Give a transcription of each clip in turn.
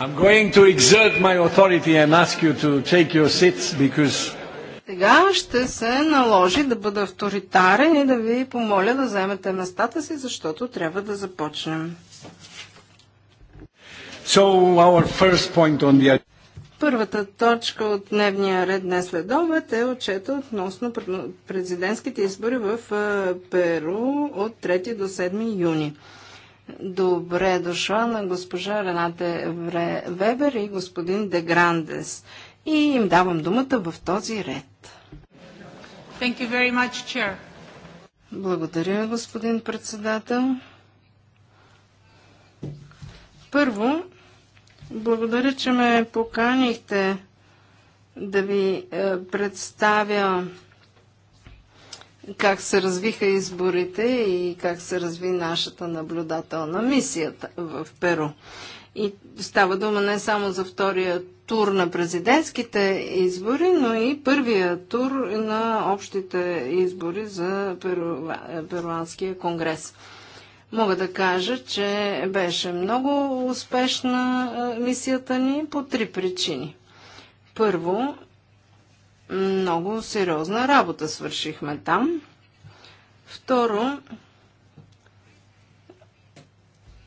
I'm going to exert my authority and ask you to take your seats because сега ще се наложи да бъда авторитарен и да ви помоля да вземете местата си, защото трябва да започнем. So, our first point on the... Първата точка от дневния ред днес след обед е отчета относно президентските избори в е, Перу от 3 до 7 юни. Добре дошла на госпожа Рената Вебер и господин Деграндес. И им давам думата в този ред. Thank you very much, chair. Благодаря, господин председател. Първо, благодаря, че ме поканихте да ви е, представя как се развиха изборите и как се разви нашата наблюдателна мисия в Перу. И става дума не само за втория тур на президентските избори, но и първия тур на общите избори за перу... Перуанския конгрес. Мога да кажа, че беше много успешна мисията ни по три причини. Първо, много сериозна работа свършихме там. Второ,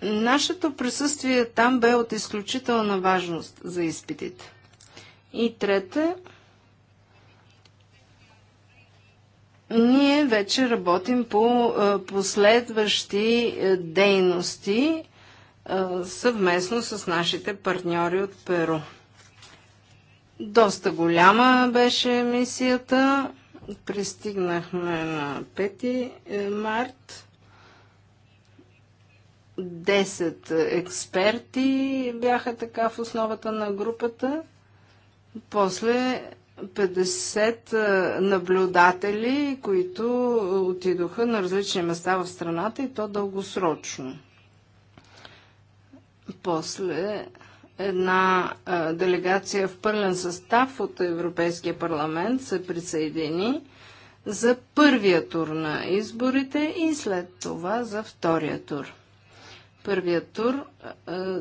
нашето присъствие там бе от изключителна важност за изпитите. И трета, ние вече работим по е, последващи е, дейности е, съвместно с нашите партньори от Перу. Доста голяма беше мисията. Пристигнахме на 5 е, март. 10 експерти бяха така в основата на групата. После 50 е, наблюдатели, които отидоха на различни места в страната и то дългосрочно. После една делегация в пълен състав от Европейския парламент се присъедини за първия тур на изборите и след това за втория тур. Първия тур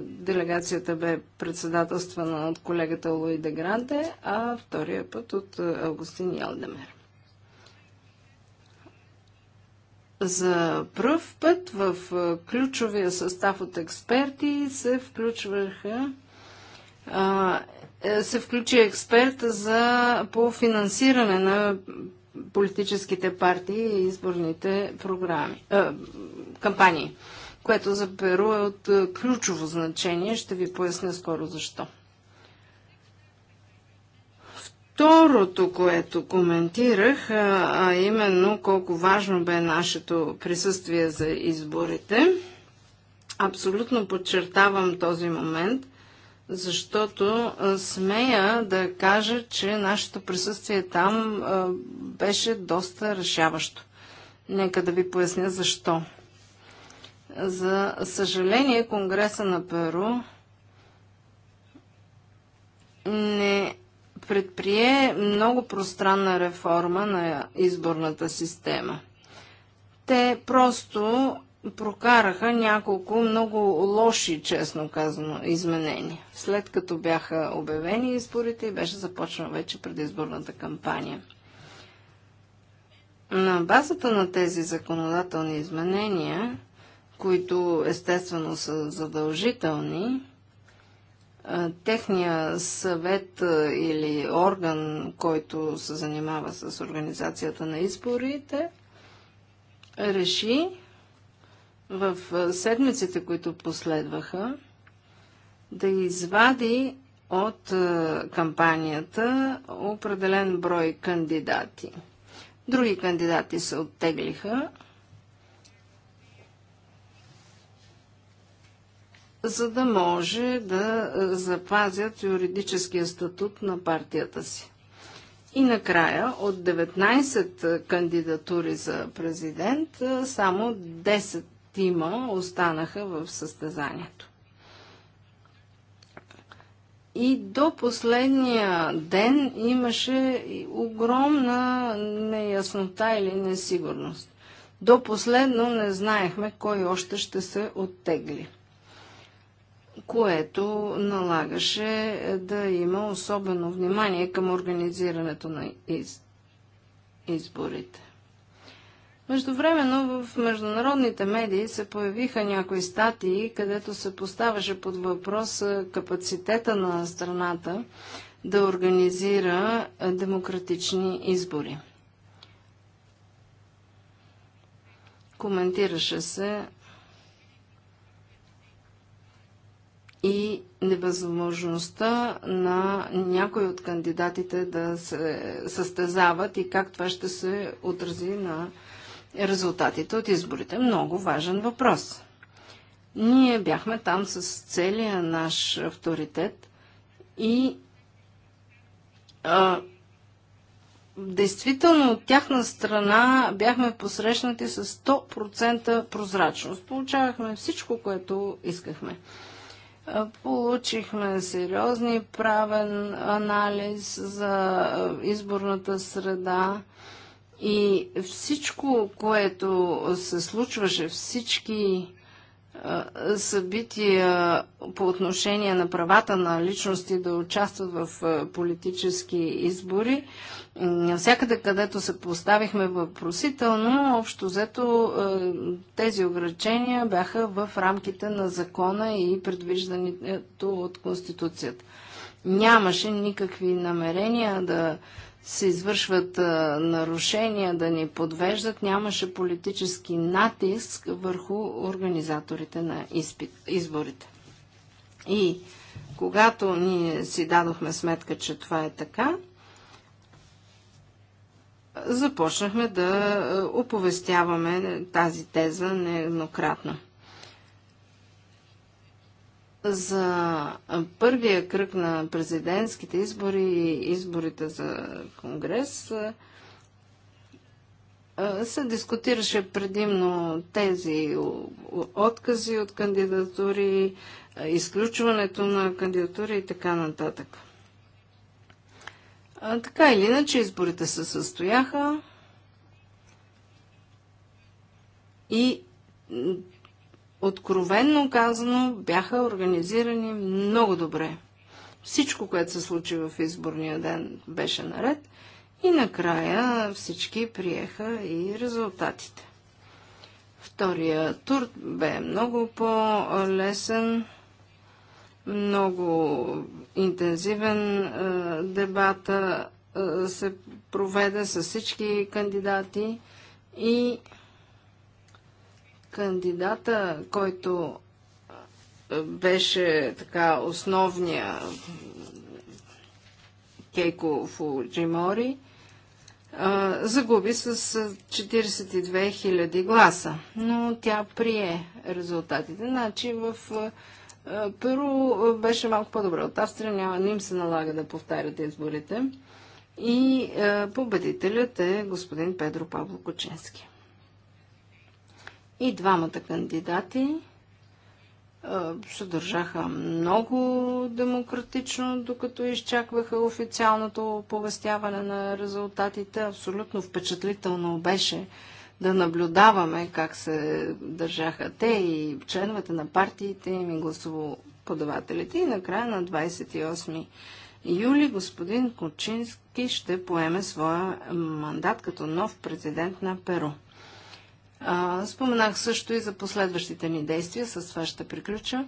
делегацията бе председателствана от колегата Луи де Гранте, а втория път от Августин Ялдемер. За пръв път в ключовия състав от експерти се включваха е, се включи експерт за, по финансиране на политическите партии и изборните програми, а, кампании, което за Перу е от е, ключово значение. Ще ви поясня скоро защо. Второто, което коментирах, а именно колко важно бе нашето присъствие за изборите, абсолютно подчертавам този момент, защото смея да кажа, че нашето присъствие там беше доста решаващо. Нека да ви поясня защо. За съжаление, Конгреса на Перу не предприе много пространна реформа на изборната система. Те просто прокараха няколко много лоши, честно казано, изменения. След като бяха обявени изборите и беше започна вече предизборната кампания. На базата на тези законодателни изменения, които естествено са задължителни, техния съвет или орган, който се занимава с организацията на изборите, реши в седмиците, които последваха, да извади от кампанията определен брой кандидати. Други кандидати се оттеглиха, за да може да запазят юридическия статут на партията си. И накрая от 19 кандидатури за президент, само 10 петима останаха в състезанието. И до последния ден имаше огромна неяснота или несигурност. До последно не знаехме кой още ще се оттегли, което налагаше да има особено внимание към организирането на из... изборите. Междувременно в международните медии се появиха някои статии, където се поставаше под въпрос капацитета на страната да организира демократични избори. Коментираше се и невъзможността на някой от кандидатите да се състезават и как това ще се отрази на резултатите от изборите. Много важен въпрос. Ние бяхме там с целия наш авторитет и а, действително от тяхна страна бяхме посрещнати с 100% прозрачност. Получавахме всичко, което искахме. Получихме сериозни правен анализ за изборната среда. И всичко, което се случваше, всички събития по отношение на правата на личности да участват в политически избори. Навсякъде, където се поставихме въпросително, общо взето тези ограничения бяха в рамките на закона и предвиждането от Конституцията. Нямаше никакви намерения да се извършват а, нарушения, да ни подвеждат, нямаше политически натиск върху организаторите на изпит, изборите. И когато ние си дадохме сметка, че това е така, започнахме да оповестяваме тази теза нееднократно. За първия кръг на президентските избори и изборите за Конгрес се дискутираше предимно тези откази от кандидатури, изключването на кандидатури и така нататък. така или иначе, изборите се състояха и откровенно казано, бяха организирани много добре. Всичко, което се случи в изборния ден, беше наред и накрая всички приеха и резултатите. Втория тур бе много по-лесен, много интензивен дебата, дебат се проведе с всички кандидати и Кандидата, който беше така основния Кейко Фуджимори, загуби с 42 000 гласа, но тя прие резултатите. Значи в Перу беше малко по-добре от Австрия, няма, не им се налага да повтарят изборите. И победителят е господин Педро Павло Коченски. И двамата кандидати се държаха много демократично, докато изчакваха официалното повестяване на резултатите. Абсолютно впечатлително беше да наблюдаваме как се държаха те и членовете на партиите им и гласоподавателите. И накрая на 28 юли господин Кочински ще поеме своя мандат като нов президент на Перу. Споменах също и за последващите ни действия, с това ще приключа.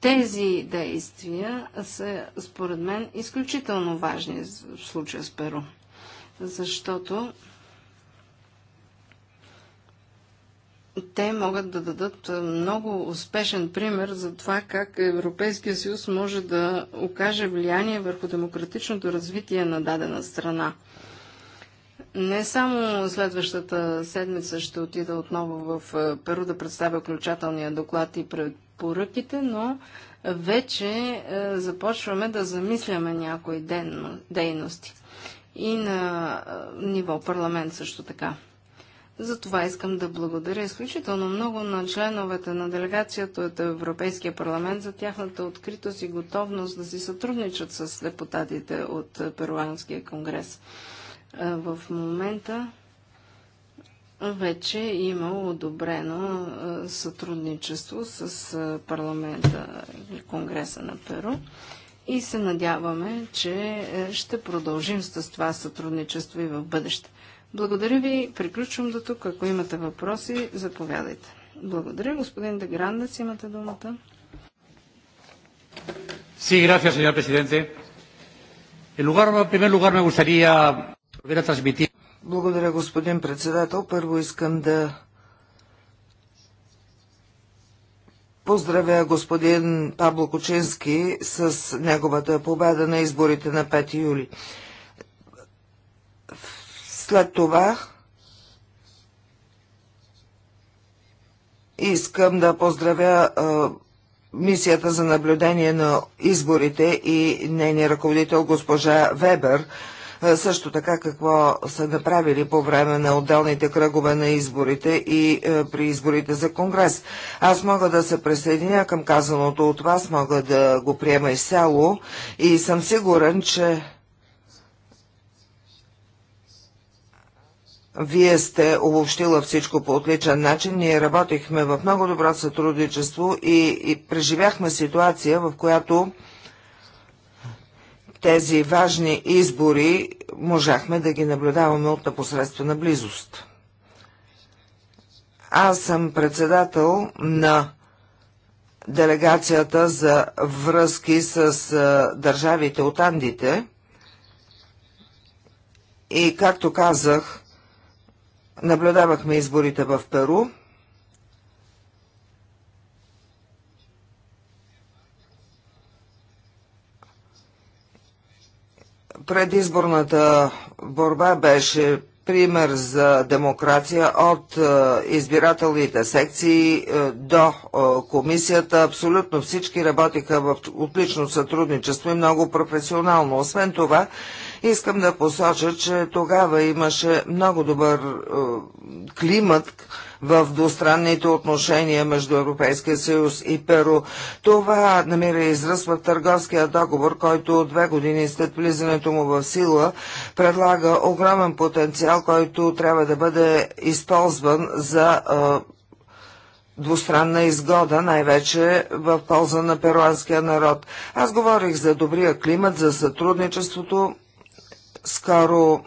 Тези действия са, според мен, изключително важни в случая с Перу, защото те могат да дадат много успешен пример за това как Европейския съюз може да окаже влияние върху демократичното развитие на дадена страна. Не само следващата седмица ще отида отново в е, Перу да представя окончателния доклад и препоръките, но вече е, започваме да замисляме някои ден, дейности. И на е, ниво парламент също така. Затова искам да благодаря изключително много на членовете на делегацията от Европейския парламент за тяхната откритост и готовност да си сътрудничат с депутатите от Перуанския конгрес. В момента вече има одобрено сътрудничество с парламента и Конгреса на Перу и се надяваме, че е, ще продължим с това сътрудничество и в бъдеще. Благодаря ви. Приключвам до тук. Ако имате въпроси, заповядайте. Благодаря. Господин Деграндец, имате думата. Sí, gracias, señor presidente. En, lugar, en primer lugar, me gustaría благодаря, господин председател. Първо искам да Поздравя господин Пабло Кочински с неговата победа на изборите на 5 юли. След това искам да поздравя мисията за наблюдение на изборите и нейния ръководител госпожа Вебер също така какво са направили по време на отделните кръгове на изборите и е, при изборите за Конгрес. Аз мога да се присъединя към казаното от вас, мога да го приема изцяло и съм сигурен, че Вие сте обобщила всичко по отличен начин. Ние работихме в много добро сътрудничество и, и преживяхме ситуация, в която тези важни избори можахме да ги наблюдаваме от непосредствена близост. Аз съм председател на делегацията за връзки с държавите от Андите и, както казах, наблюдавахме изборите в Перу – Предизборната борба беше пример за демокрация от е, избирателните секции е, до е, комисията. Абсолютно всички работиха в отлично сътрудничество и много професионално. Освен това, искам да посоча, че тогава имаше много добър климат, в двустранните отношения между Европейския съюз и Перу. Това намира израз в търговския договор, който две години след влизането му в сила предлага огромен потенциал, който трябва да бъде използван за двустранна изгода, най-вече в полза на перуанския народ. Аз говорих за добрия климат, за сътрудничеството. Скоро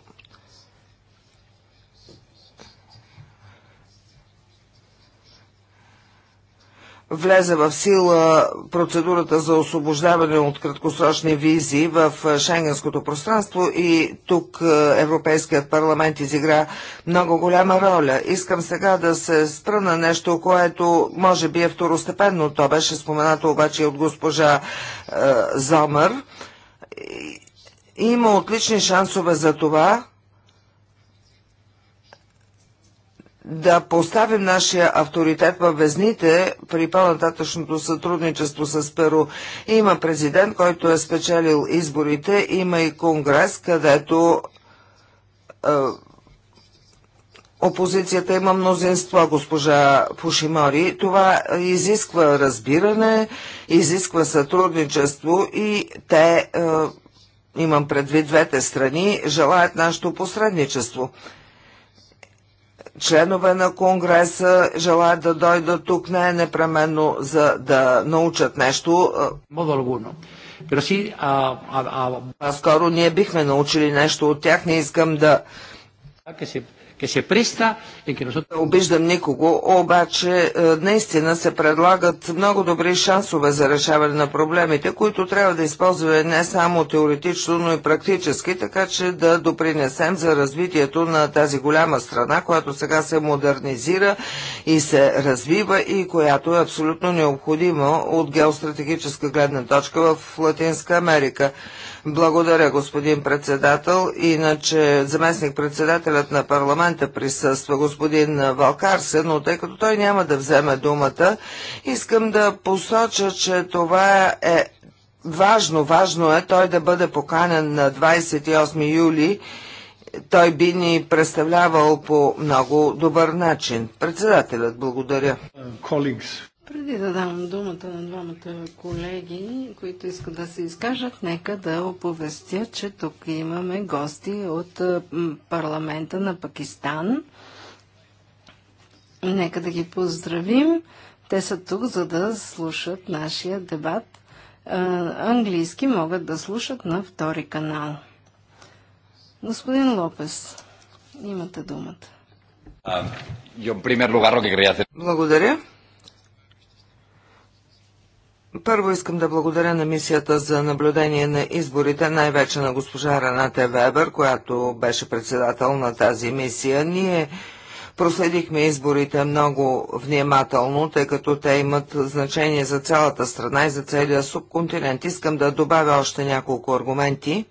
влезе в сила процедурата за освобождаване от краткосрочни визи в шенгенското пространство и тук Европейският парламент изигра много голяма роля. Искам сега да се спра на нещо, което може би е второстепенно. То беше споменато обаче от госпожа е, Зомър. Има отлични шансове за това да поставим нашия авторитет във везните при по-нататъчното сътрудничество с Перу. Има президент, който е спечелил изборите, има и конгрес, където е, опозицията има мнозинство, госпожа Пушимори. Това изисква разбиране, изисква сътрудничество и те, е, имам предвид двете страни, желаят нашето посредничество членове на Конгреса желаят да дойдат тук не е непременно за да научат нещо. А скоро ние бихме научили нещо от тях. Не искам да Ке се преста и ке nosotros... Обиждам никого, обаче е, наистина се предлагат много добри шансове за решаване на проблемите, които трябва да използваме не само теоретично, но и практически, така че да допринесем за развитието на тази голяма страна, която сега се модернизира и се развива и която е абсолютно необходима от геостратегическа гледна точка в Латинска Америка. Благодаря, господин председател. Иначе заместник-председателят на парламента присъства, господин Валкарсен, но тъй като той няма да вземе думата, искам да посоча, че това е важно. Важно е той да бъде поканен на 28 юли. Той би ни представлявал по много добър начин. Председателят, благодаря. Uh, colleagues. Преди да дам думата на двамата колеги, които искат да се изкажат, нека да оповестя, че тук имаме гости от парламента на Пакистан. Нека да ги поздравим. Те са тук, за да слушат нашия дебат. Английски могат да слушат на втори канал. Господин Лопес, имате думата. Благодаря. Първо искам да благодаря на мисията за наблюдение на изборите, най-вече на госпожа Раната Вебер, която беше председател на тази мисия. Ние проследихме изборите много внимателно, тъй като те имат значение за цялата страна и за целия субконтинент. Искам да добавя още няколко аргументи.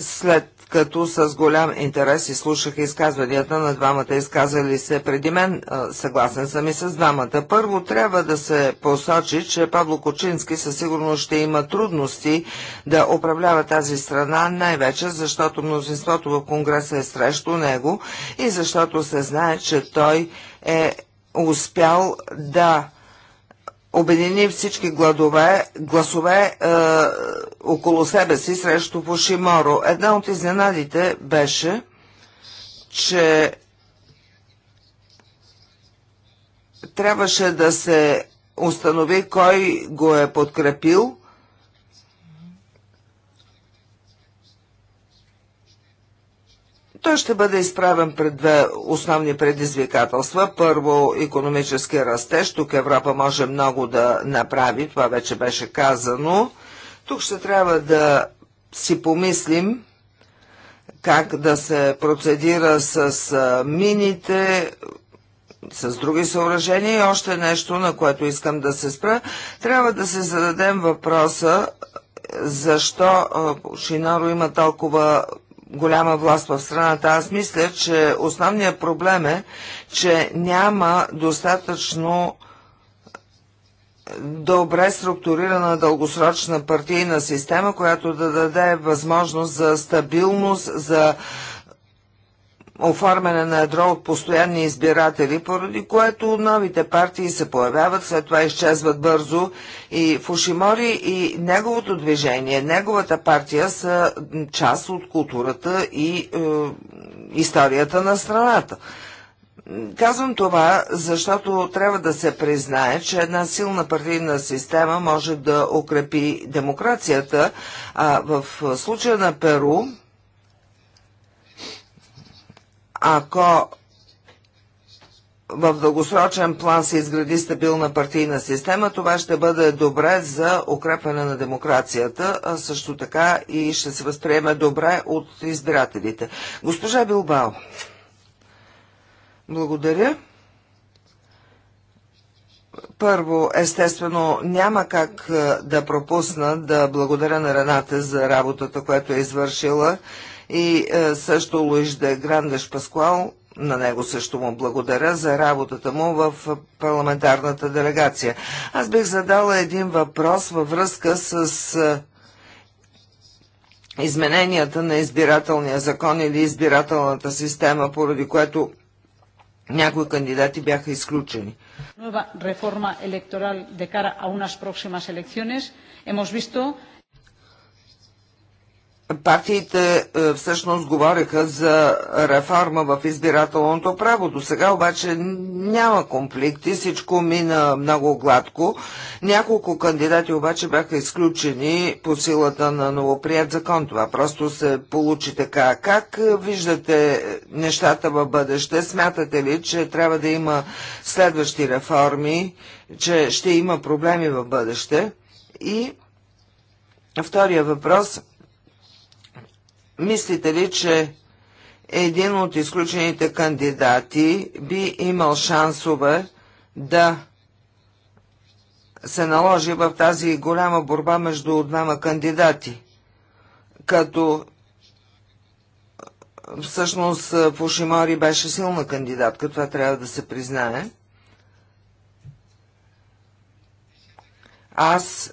След като с голям интерес изслушах изказванията на двамата изказали се преди мен. Съгласен съм и с двамата. Първо трябва да се посочи, че Павло Кочински със сигурност ще има трудности да управлява тази страна, най-вече защото мнозинството в Конгреса е срещу него и защото се знае, че той е успял да обедини всички гладове, гласове е, около себе си срещу Фушиморо. Една от изненадите беше, че трябваше да се установи кой го е подкрепил Той ще бъде изправен пред две основни предизвикателства. Първо, економически растеж. Тук Европа може много да направи, това вече беше казано. Тук ще трябва да си помислим как да се процедира с мините, с други съоръжения и още нещо, на което искам да се спра. Трябва да се зададем въпроса защо Шинаро има толкова голяма власт в страната. Аз мисля, че основният проблем е, че няма достатъчно добре структурирана дългосрочна партийна система, която да даде възможност за стабилност, за оформяне на ядро от постоянни избиратели, поради което новите партии се появяват, след това изчезват бързо и Фушимори и неговото движение, неговата партия са част от културата и е, историята на страната. Казвам това, защото трябва да се признае, че една силна партийна система може да укрепи демокрацията, а в случая на Перу ако в дългосрочен план се изгради стабилна партийна система, това ще бъде добре за укрепване на демокрацията, а също така и ще се възприеме добре от избирателите. Госпожа Билбао, благодаря. Първо, естествено, няма как да пропусна да благодаря на Рената за работата, която е извършила и е, също Луиш де Грандеш Паскуал. На него също му благодаря за работата му в парламентарната делегация. Аз бих задала един въпрос във връзка с е, измененията на избирателния закон или избирателната система, поради което някои кандидати бяха изключени. Нова реформа електорал de cara a unas próximas elecciones. Hemos visto партиите е, всъщност говореха за реформа в избирателното право. До сега обаче няма конфликти, всичко мина много гладко. Няколко кандидати обаче бяха изключени по силата на новоприят закон. Това просто се получи така. Как е, виждате нещата в бъдеще? Смятате ли, че трябва да има следващи реформи, че ще има проблеми в бъдеще? И втория въпрос – Мислите ли, че един от изключените кандидати би имал шансове да се наложи в тази голяма борба между двама кандидати, като всъщност Фушимори беше силна кандидатка, това трябва да се признае. Аз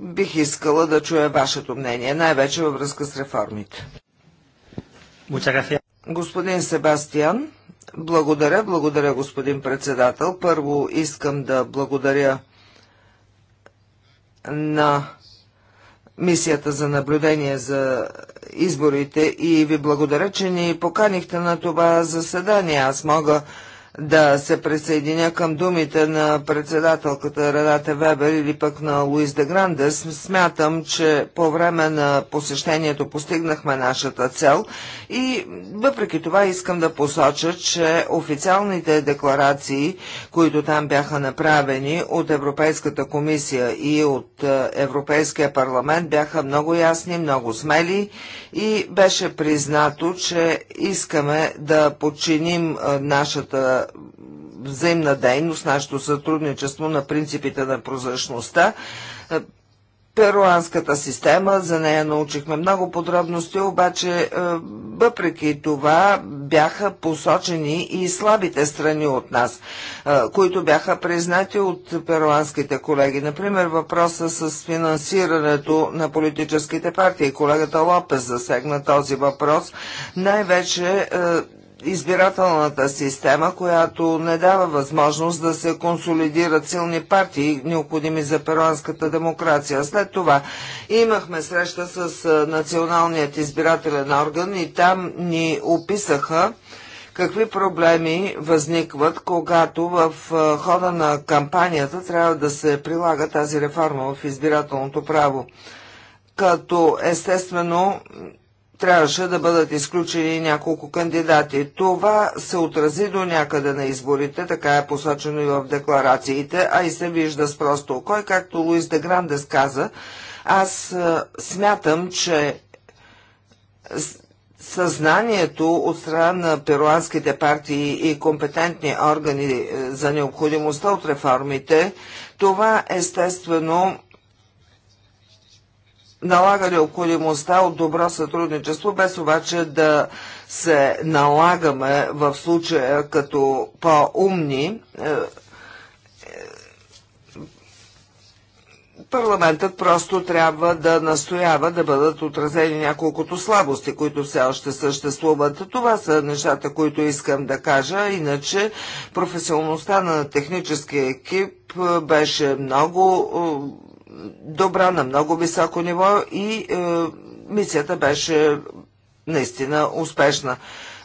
Бих искала да чуя вашето мнение, най-вече във връзка с реформите. Господин Себастиан, благодаря, благодаря господин председател. Първо искам да благодаря на мисията за наблюдение за изборите и ви благодаря, че ни поканихте на това заседание. Аз мога да се присъединя към думите на председателката Рената Вебер или пък на Луис де Грандес. Смятам, че по време на посещението постигнахме нашата цел и въпреки това искам да посоча, че официалните декларации, които там бяха направени от Европейската комисия и от е, Европейския парламент бяха много ясни, много смели и беше признато, че искаме да подчиним нашата взаимна дейност, нашето сътрудничество на принципите на прозрачността перуанската система. За нея научихме много подробности, обаче е, въпреки това бяха посочени и слабите страни от нас, е, които бяха признати от перуанските колеги. Например, въпроса с финансирането на политическите партии. Колегата Лопес засегна този въпрос, най-вече е, избирателната система, която не дава възможност да се консолидират силни партии, необходими за перуанската демокрация. След това имахме среща с Националният избирателен орган и там ни описаха какви проблеми възникват, когато в хода на кампанията трябва да се прилага тази реформа в избирателното право. Като естествено трябваше да бъдат изключени няколко кандидати. Това се отрази до някъде на изборите, така е посочено и в декларациите, а и се вижда с просто кой, както Луис де Грандес каза, аз е, смятам, че съзнанието от страна на перуанските партии и компетентни органи е, за необходимостта от реформите, това естествено налага необходимостта от добро сътрудничество, без обаче да се налагаме в случая като по-умни. Е, е, парламентът просто трябва да настоява да бъдат отразени няколкото слабости, които все още съществуват. Това са нещата, които искам да кажа. Иначе професионалността на техническия екип е, беше много добра на много високо ниво и е, мисията беше наистина успешна.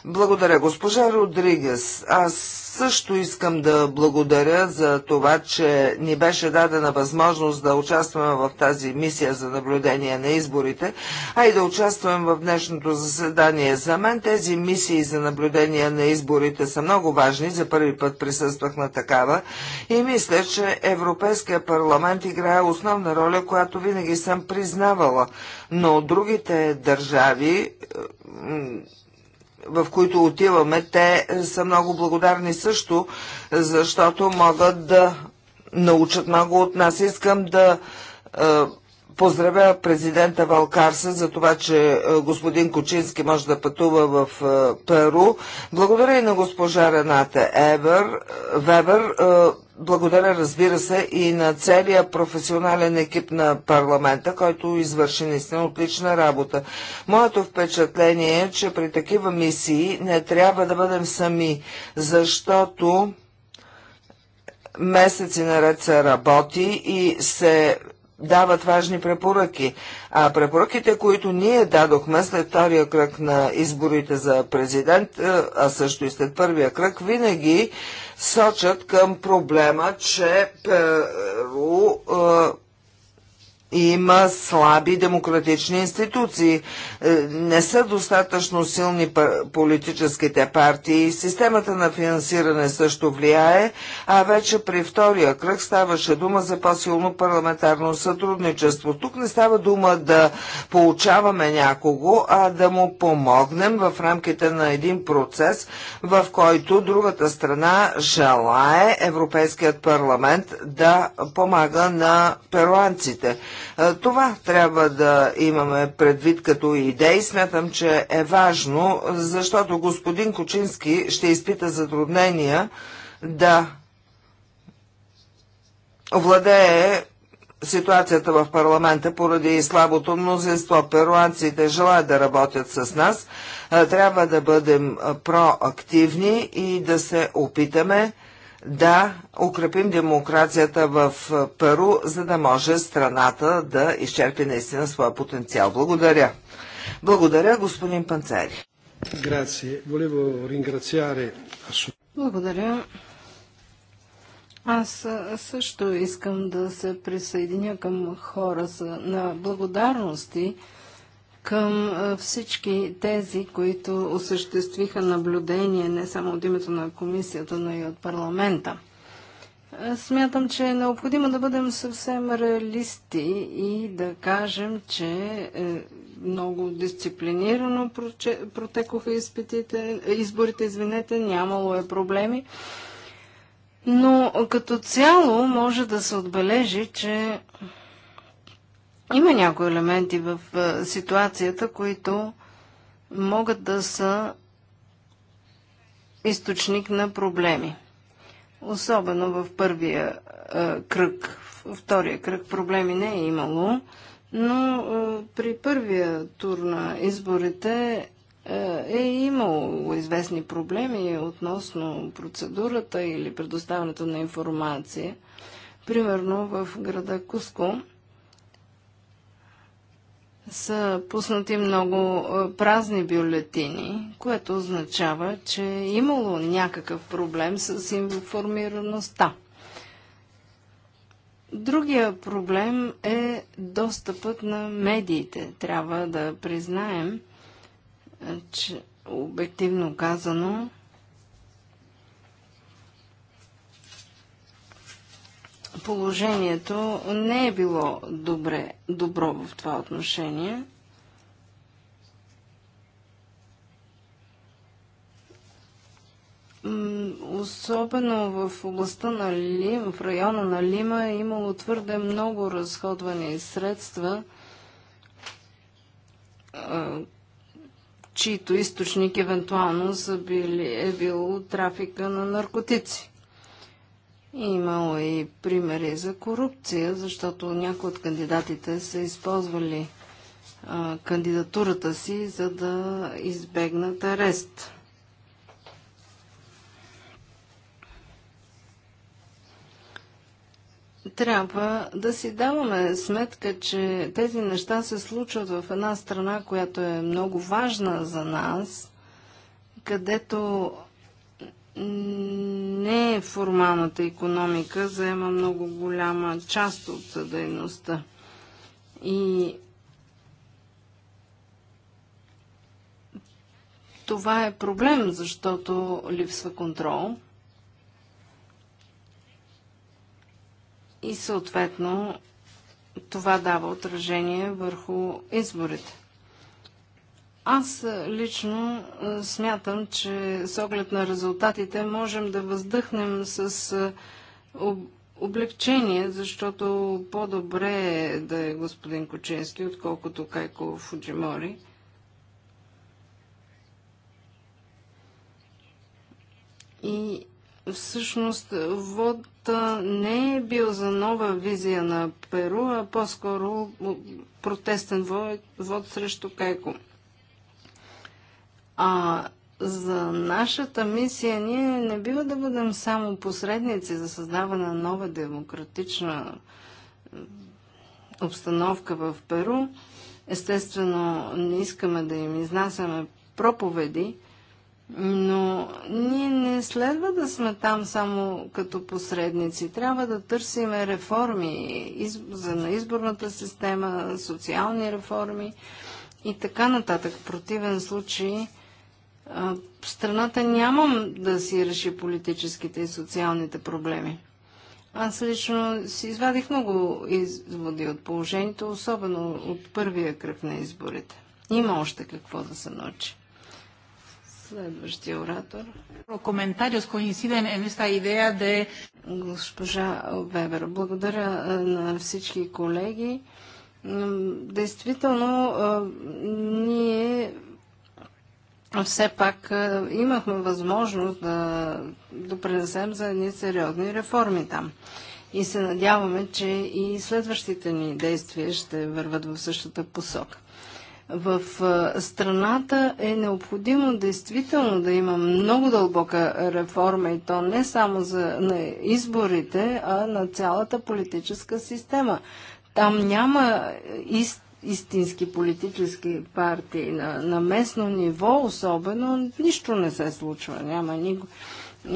Благодаря, госпожа Родригес. Аз също искам да благодаря за това, че ни беше дадена възможност да участваме в тази мисия за наблюдение на изборите, а и да участвам в днешното заседание. За мен тези мисии за наблюдение на изборите са много важни. За първи път присъствах на такава и мисля, че Европейския парламент играе основна роля, която винаги съм признавала. Но другите държави в които отиваме, те са много благодарни също, защото могат да научат много от нас. Искам да е, поздравя президента Валкарса за това, че е, господин Кочински може да пътува в е, Перу. Благодаря и на госпожа Рената Ебер, Вебер. Благодаря, разбира се, и на целия професионален екип на парламента, който извърши наистина отлична работа. Моето впечатление е, че при такива мисии не трябва да бъдем сами, защото месеци наред се работи и се дават важни препоръки. А препоръките, които ние дадохме след втория кръг на изборите за президент, е, а също и след първия кръг, винаги сочат към проблема, че Перу е, има слаби демократични институции. Е, не са достатъчно силни политическите партии. Системата на финансиране също влияе, а вече при втория кръг ставаше дума за по-силно парламентарно сътрудничество. Тук не става дума да получаваме някого, а да му помогнем в рамките на един процес, в който другата страна желае Европейският парламент да помага на перуанците. Това трябва да имаме предвид като идеи. Смятам, че е важно, защото господин Кочински ще изпита затруднения да владее ситуацията в парламента поради слабото мнозинство. Перуанците желаят да работят с нас. Трябва да бъдем проактивни и да се опитаме да укрепим демокрацията в Перу, за да може страната да изчерпи наистина своя потенциал. Благодаря. Благодаря, господин Панцери. Благодаря. Аз също искам да се присъединя към хора на благодарности към всички тези, които осъществиха наблюдение не само от името на комисията, но и от парламента. Смятам, че е необходимо да бъдем съвсем реалисти и да кажем, че е, много дисциплинирано протекоха изпитите, изборите, извинете, нямало е проблеми. Но като цяло може да се отбележи, че има някои елементи в ситуацията, които могат да са източник на проблеми. Особено в първия кръг. Във втория кръг проблеми не е имало, но при първия тур на изборите е имало известни проблеми относно процедурата или предоставянето на информация. Примерно в града Куско са пуснати много е, празни бюлетини, което означава, че е имало някакъв проблем с информираността. Другия проблем е достъпът на медиите. Трябва да признаем, е, че обективно казано, положението не е било добре, добро в това отношение. Особено в областта на Лим, в района на Лима е имало твърде много разходвани средства, чието източник евентуално са били, е бил трафика на наркотици. Имало и примери за корупция, защото някои от кандидатите са използвали а, кандидатурата си, за да избегнат арест. Трябва да си даваме сметка, че тези неща се случват в една страна, която е много важна за нас, където неформалната е економика заема много голяма част от дейността. И това е проблем, защото липсва контрол. И съответно това дава отражение върху изборите. Аз лично смятам, че с оглед на резултатите можем да въздъхнем с облегчение, защото по-добре е да е господин Кочински, отколкото Кайко Фуджимори. И всъщност вод не е бил за нова визия на Перу, а по-скоро протестен вод срещу Кайко. А за нашата мисия ние не бива да бъдем само посредници за създаване на нова демократична обстановка в Перу. Естествено, не искаме да им изнасяме проповеди, но ние не следва да сме там само като посредници. Трябва да търсиме реформи за на изборната система, социални реформи и така нататък. В противен случай страната нямам да си реши политическите и социалните проблеми. Аз лично си извадих много изводи от положението, особено от първия кръг на изборите. Има още какво да се научи. Следващия оратор. Коментариos coinciden en идея да е. Госпожа Вебер, благодаря на всички колеги. Действително, ние все пак имахме възможност да допринесем за едни сериозни реформи там. И се надяваме, че и следващите ни действия ще върват в същата посока. В страната е необходимо действително да има много дълбока реформа и то не само за, на изборите, а на цялата политическа система. Там няма ист истински политически партии на, на местно ниво, особено нищо не се случва. Няма никого.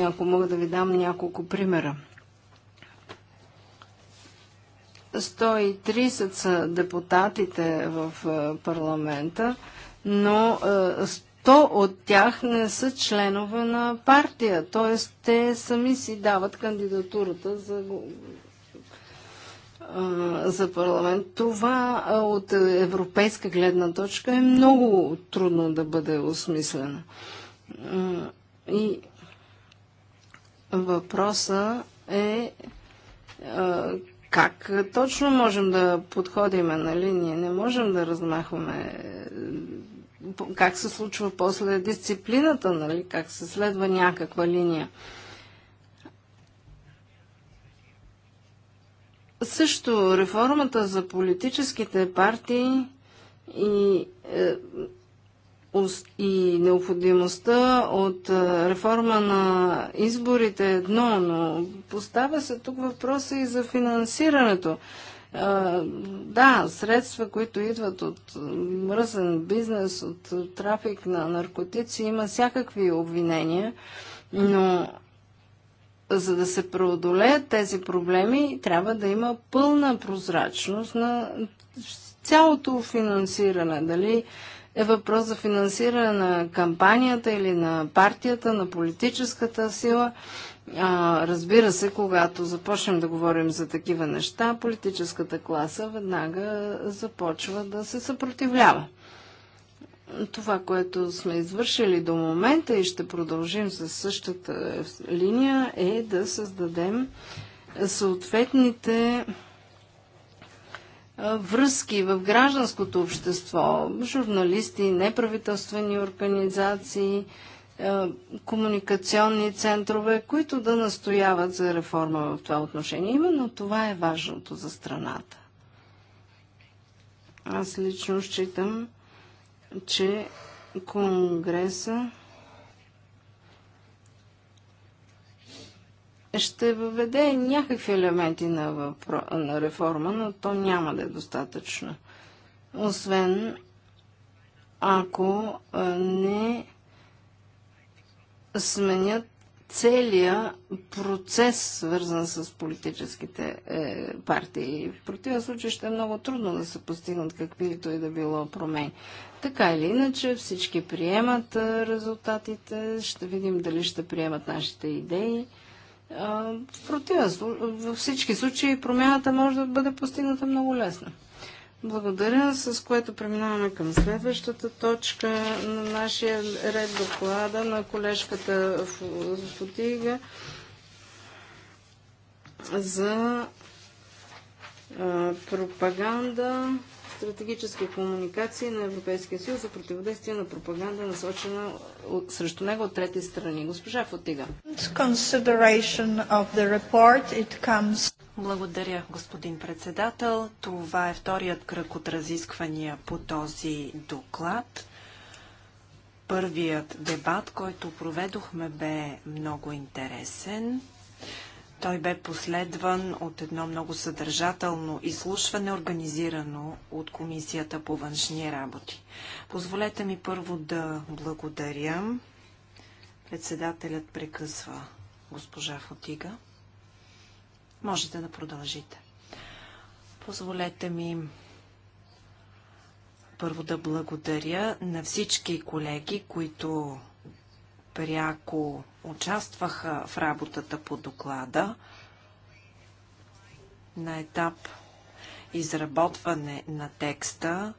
Ако мога да ви дам няколко примера. 130 са депутатите в е, парламента, но 100 е, от тях не са членове на партия, т.е. те сами си дават кандидатурата за за парламент. Това от европейска гледна точка е много трудно да бъде осмислено. И въпроса е как точно можем да подходиме, нали? Ние не можем да размахваме е, как се случва после дисциплината, нали? Как се следва някаква линия. Също реформата за политическите партии и, е, и необходимостта от е, реформа на изборите е едно, но поставя се тук въпроса и за финансирането. Е, да, средства, които идват от мръсен бизнес, от трафик на наркотици, има всякакви обвинения, но за да се преодолеят тези проблеми, трябва да има пълна прозрачност на цялото финансиране. Дали е въпрос за финансиране на кампанията или на партията, на политическата сила. А, разбира се, когато започнем да говорим за такива неща, политическата класа веднага започва да се съпротивлява това, което сме извършили до момента и ще продължим със същата линия, е да създадем съответните връзки в гражданското общество, журналисти, неправителствени организации, комуникационни центрове, които да настояват за реформа в това отношение. Именно това е важното за страната. Аз лично считам, че Конгреса ще въведе някакви елементи на, въпро... на реформа, но то няма да е достатъчно. Освен ако не сменят целия процес, свързан с политическите е, партии. В противен случай ще е много трудно да се постигнат каквито и да било промени. Така или иначе, всички приемат резултатите, ще видим дали ще приемат нашите идеи. В противен във всички случаи промяната може да бъде постигната много лесно. Благодаря, с което преминаваме към следващата точка на нашия ред доклада на колежката Фотига за пропаганда Стратегически комуникации на Европейския съюз за противодействие на пропаганда, насочена срещу него от трети страни. Госпожа Фотига. Благодаря, господин председател. Това е вторият кръг от разисквания по този доклад. Първият дебат, който проведохме, бе много интересен. Той бе последван от едно много съдържателно изслушване, организирано от Комисията по външни работи. Позволете ми първо да благодаря. Председателят прекъсва госпожа Фотига. Можете да продължите. Позволете ми първо да благодаря на всички колеги, които пряко участваха в работата по доклада на етап изработване на текста.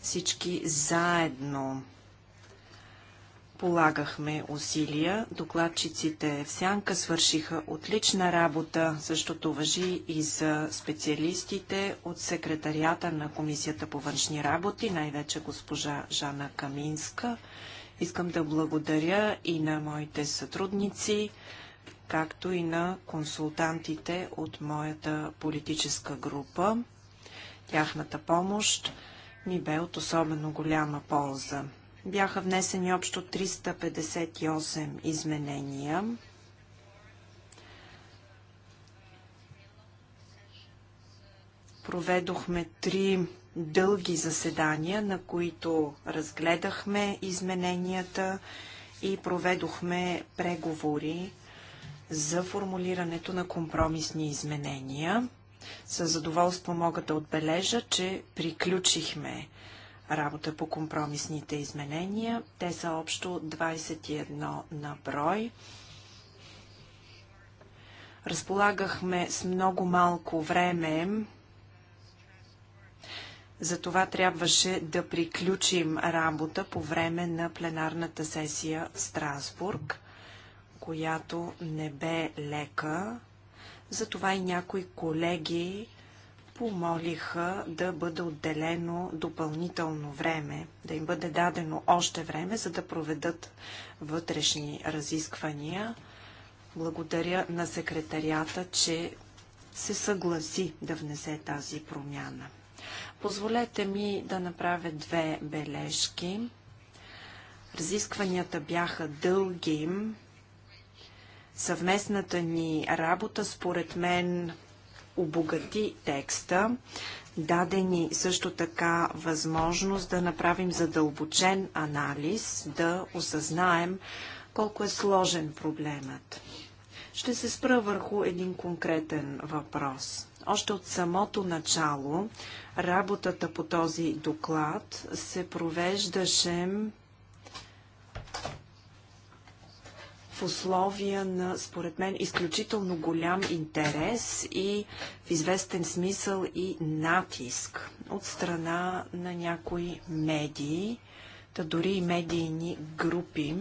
Всички заедно полагахме усилия. Докладчиците в сянка свършиха отлична работа. Същото въжи и за специалистите от секретарията на Комисията по външни работи, най-вече госпожа Жана Каминска. Искам да благодаря и на моите сътрудници, както и на консултантите от моята политическа група. Тяхната помощ ми бе от особено голяма полза. Бяха внесени общо 358 изменения. Проведохме три дълги заседания, на които разгледахме измененията и проведохме преговори за формулирането на компромисни изменения. С задоволство мога да отбележа, че приключихме работа по компромисните изменения. Те са общо 21 на брой. Разполагахме с много малко време, затова трябваше да приключим работа по време на пленарната сесия в Страсбург, която не бе лека. Затова и някои колеги помолиха да бъде отделено допълнително време, да им бъде дадено още време, за да проведат вътрешни разисквания. Благодаря на секретарията, че се съгласи да внесе тази промяна. Позволете ми да направя две бележки. Разискванията бяха дълги. Съвместната ни работа, според мен, обогати текста. Даде ни също така възможност да направим задълбочен анализ, да осъзнаем колко е сложен проблемът. Ще се спра върху един конкретен въпрос – още от самото начало работата по този доклад се провеждаше в условия на, според мен, изключително голям интерес и в известен смисъл и натиск от страна на някои медии, та дори и медийни групи,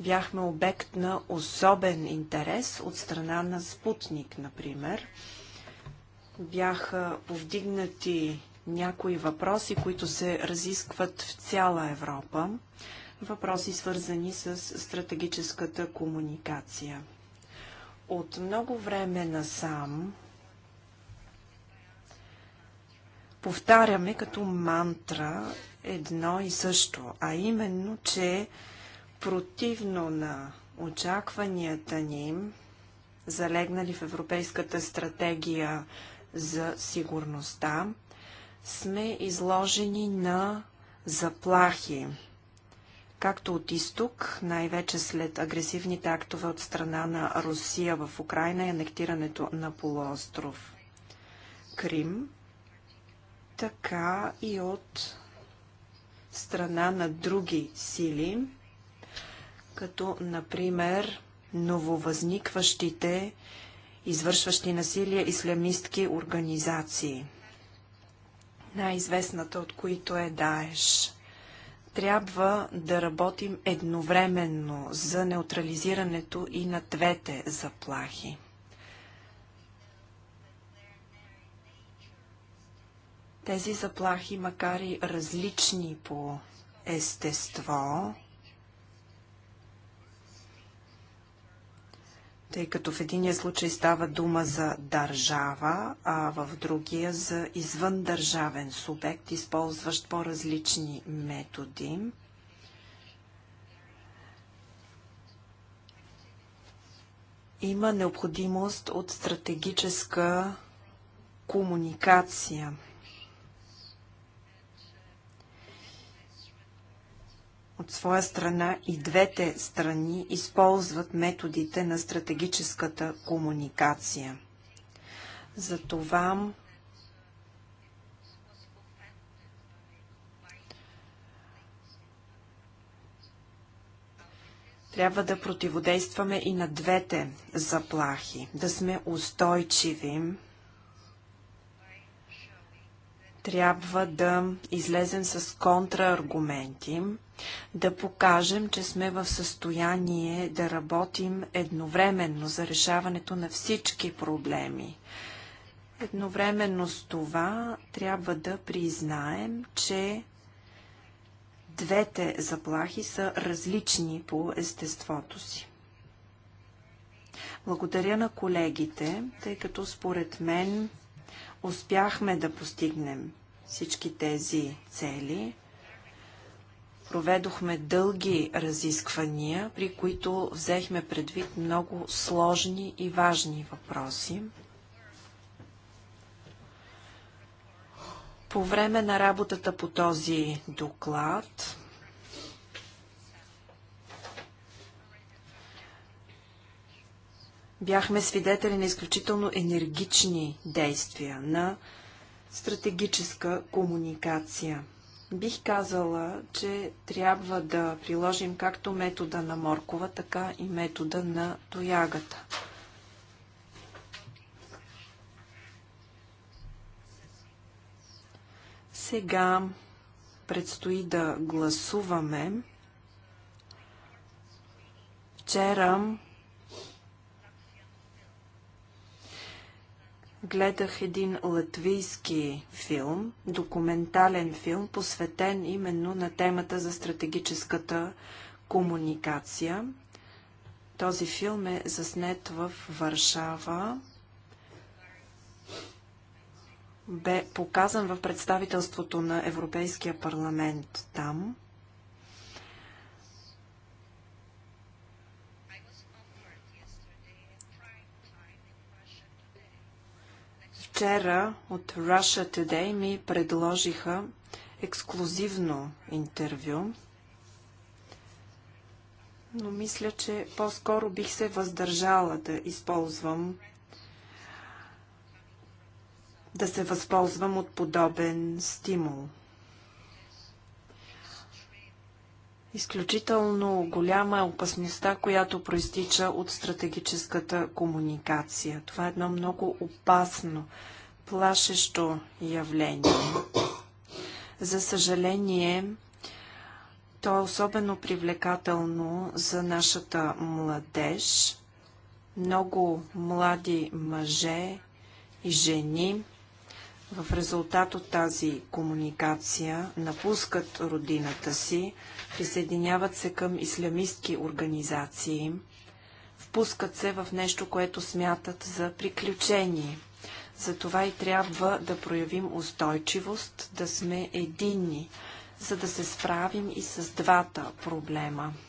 бяхме обект на особен интерес от страна на Спутник, например. Бяха повдигнати някои въпроси, които се разискват в цяла Европа. Въпроси свързани с стратегическата комуникация. От много време насам повтаряме като мантра едно и също, а именно, че противно на очакванията ни, залегнали в Европейската стратегия за сигурността, сме изложени на заплахи, както от изток, най-вече след агресивните актове от страна на Русия в Украина и анектирането на полуостров Крим, така и от страна на други сили, като например нововъзникващите, извършващи насилие ислямистки организации, най-известната от които е Даеш. Трябва да работим едновременно за неутрализирането и на двете заплахи. Тези заплахи, макар и различни по естество, тъй като в единия случай става дума за държава, а в другия за извъндържавен субект, използващ по-различни методи. Има необходимост от стратегическа комуникация От своя страна и двете страни използват методите на стратегическата комуникация. Затова трябва да противодействаме и на двете заплахи, да сме устойчиви трябва да излезем с контрааргументи, да покажем, че сме в състояние да работим едновременно за решаването на всички проблеми. Едновременно с това трябва да признаем, че двете заплахи са различни по естеството си. Благодаря на колегите, тъй като според мен успяхме да постигнем всички тези цели. Проведохме дълги разисквания, при които взехме предвид много сложни и важни въпроси. По време на работата по този доклад бяхме свидетели на изключително енергични действия на стратегическа комуникация. Бих казала, че трябва да приложим както метода на моркова, така и метода на тоягата. Сега предстои да гласуваме. Вчера гледах един латвийски филм, документален филм, посветен именно на темата за стратегическата комуникация. Този филм е заснет в Варшава. Бе показан в представителството на Европейския парламент там. Вчера от Russia Today ми предложиха ексклюзивно интервю, но мисля, че по-скоро бих се въздържала да използвам да се възползвам от подобен стимул. Изключително голяма е опасността, която проистича от стратегическата комуникация. Това е едно много опасно, плашещо явление. За съжаление, то е особено привлекателно за нашата младеж. Много млади мъже и жени – в резултат от тази комуникация напускат родината си, присъединяват се към ислямистки организации, впускат се в нещо, което смятат за приключение. Затова и трябва да проявим устойчивост, да сме единни, за да се справим и с двата проблема –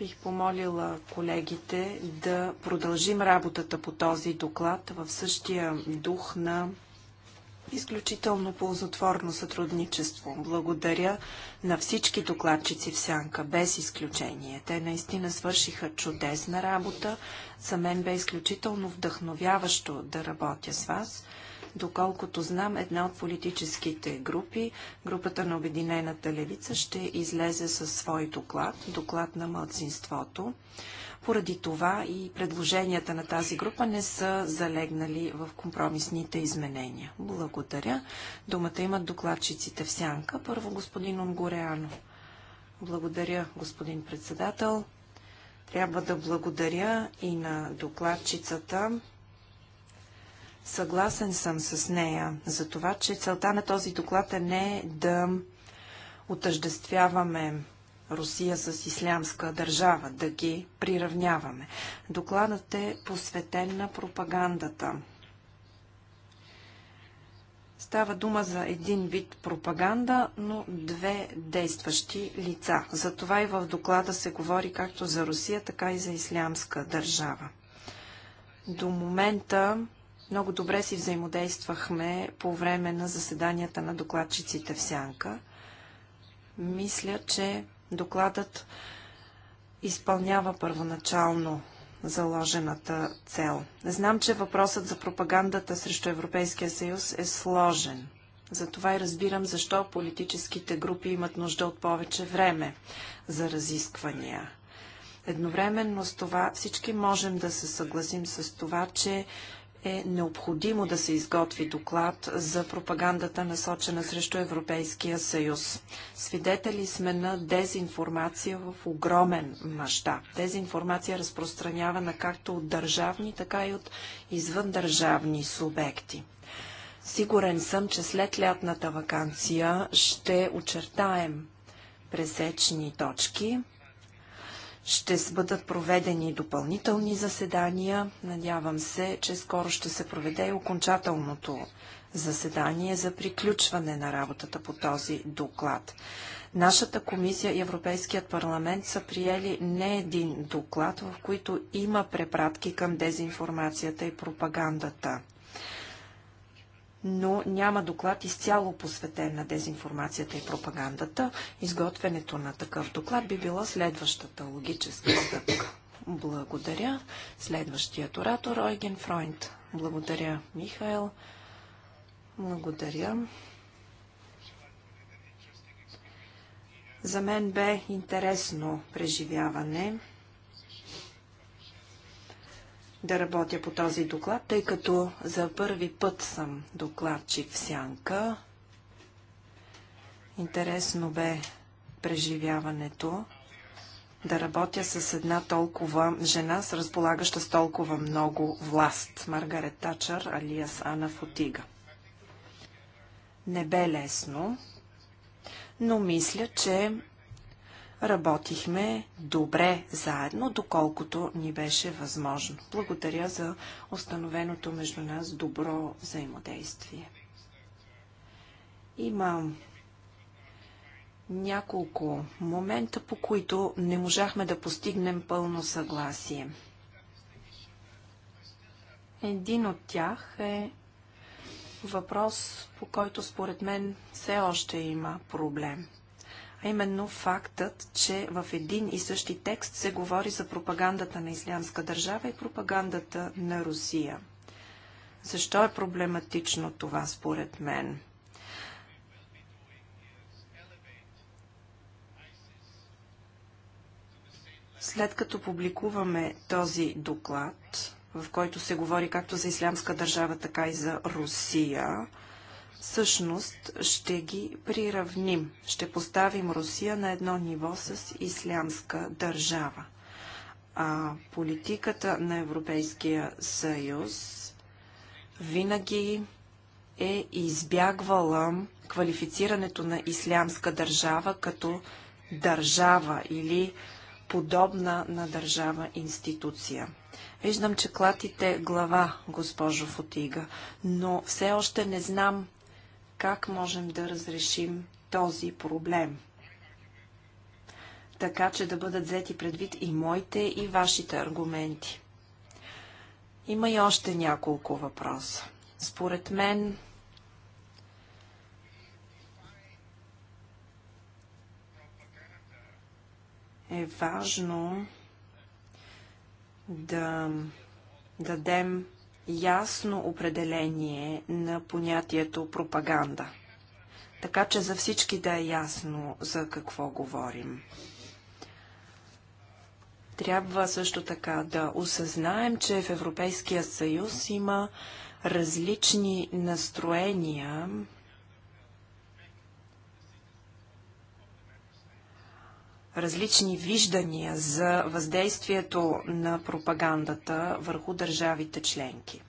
Бих помолила колегите да продължим работата по този доклад в същия дух на изключително ползотворно сътрудничество. Благодаря на всички докладчици в Сянка, без изключение. Те наистина свършиха чудесна работа. За мен бе изключително вдъхновяващо да работя с вас. Доколкото знам, една от политическите групи, групата на Обединената левица, ще излезе със свой доклад, доклад на мълцинството. Поради това и предложенията на тази група не са залегнали в компромисните изменения. Благодаря. Думата имат докладчиците в сянка. Първо господин Онгореано. Благодаря, господин председател. Трябва да благодаря и на докладчицата Съгласен съм с нея за това, че целта на този доклад е не да отъждествяваме Русия с ислямска държава, да ги приравняваме. Докладът е посветен на пропагандата. Става дума за един вид пропаганда, но две действащи лица. Затова и в доклада се говори както за Русия, така и за ислямска държава. До момента много добре си взаимодействахме по време на заседанията на докладчиците в Сянка. Мисля, че докладът изпълнява първоначално заложената цел. Знам, че въпросът за пропагандата срещу Европейския съюз е сложен. Затова и разбирам защо политическите групи имат нужда от повече време за разисквания. Едновременно с това всички можем да се съгласим с това, че е необходимо да се изготви доклад за пропагандата насочена срещу Европейския съюз. Свидетели сме на дезинформация в огромен мащаб. Дезинформация е разпространявана както от държавни, така и от извъндържавни субекти. Сигурен съм, че след лятната вакансия ще очертаем пресечни точки – ще бъдат проведени допълнителни заседания. Надявам се, че скоро ще се проведе и окончателното заседание за приключване на работата по този доклад. Нашата комисия и Европейският парламент са приели не един доклад, в който има препратки към дезинформацията и пропагандата но няма доклад изцяло посветен на дезинформацията и пропагандата. Изготвянето на такъв доклад би било следващата логическа стъпка. Благодаря. Следващият оратор Ойген Фройнд. Благодаря, Михаил. Благодаря. За мен бе интересно преживяване да работя по този доклад, тъй като за първи път съм докладчик в Сянка. Интересно бе преживяването да работя с една толкова жена, с разполагаща с толкова много власт. Маргарет Тачър, алиас Ана Фотига. Не бе лесно, но мисля, че Работихме добре заедно, доколкото ни беше възможно. Благодаря за установеното между нас добро взаимодействие. Имам няколко момента, по които не можахме да постигнем пълно съгласие. Един от тях е въпрос, по който според мен все още има проблем – а именно фактът, че в един и същи текст се говори за пропагандата на Ислямска държава и пропагандата на Русия. Защо е проблематично това според мен? След като публикуваме този доклад, в който се говори както за Ислямска държава, така и за Русия, всъщност ще ги приравним. Ще поставим Русия на едно ниво с ислямска държава. А политиката на Европейския съюз винаги е избягвала квалифицирането на ислямска държава като държава или подобна на държава институция. Виждам, че клатите глава, госпожо Фотига, но все още не знам как можем да разрешим този проблем. Така, че да бъдат взети предвид и моите, и вашите аргументи. Има и още няколко въпроса. Според мен, е важно да дадем ясно определение на понятието пропаганда. Така че за всички да е ясно за какво говорим. Трябва също така да осъзнаем, че в Европейския съюз има различни настроения различни виждания за въздействието на пропагандата върху държавите членки.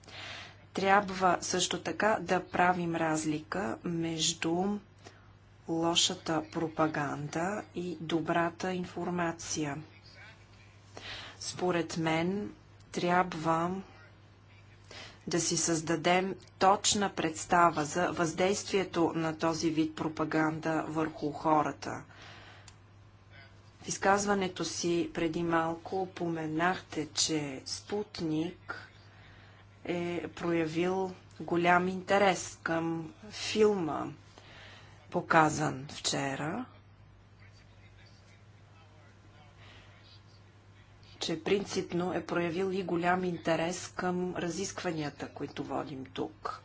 Трябва също така да правим разлика между лошата пропаганда и добрата информация. Според мен трябва да си създадем точна представа за въздействието на този вид пропаганда върху хората. В изказването си преди малко поменахте, че Спутник е проявил голям интерес към филма, показан вчера, че принципно е проявил и голям интерес към разискванията, които водим тук.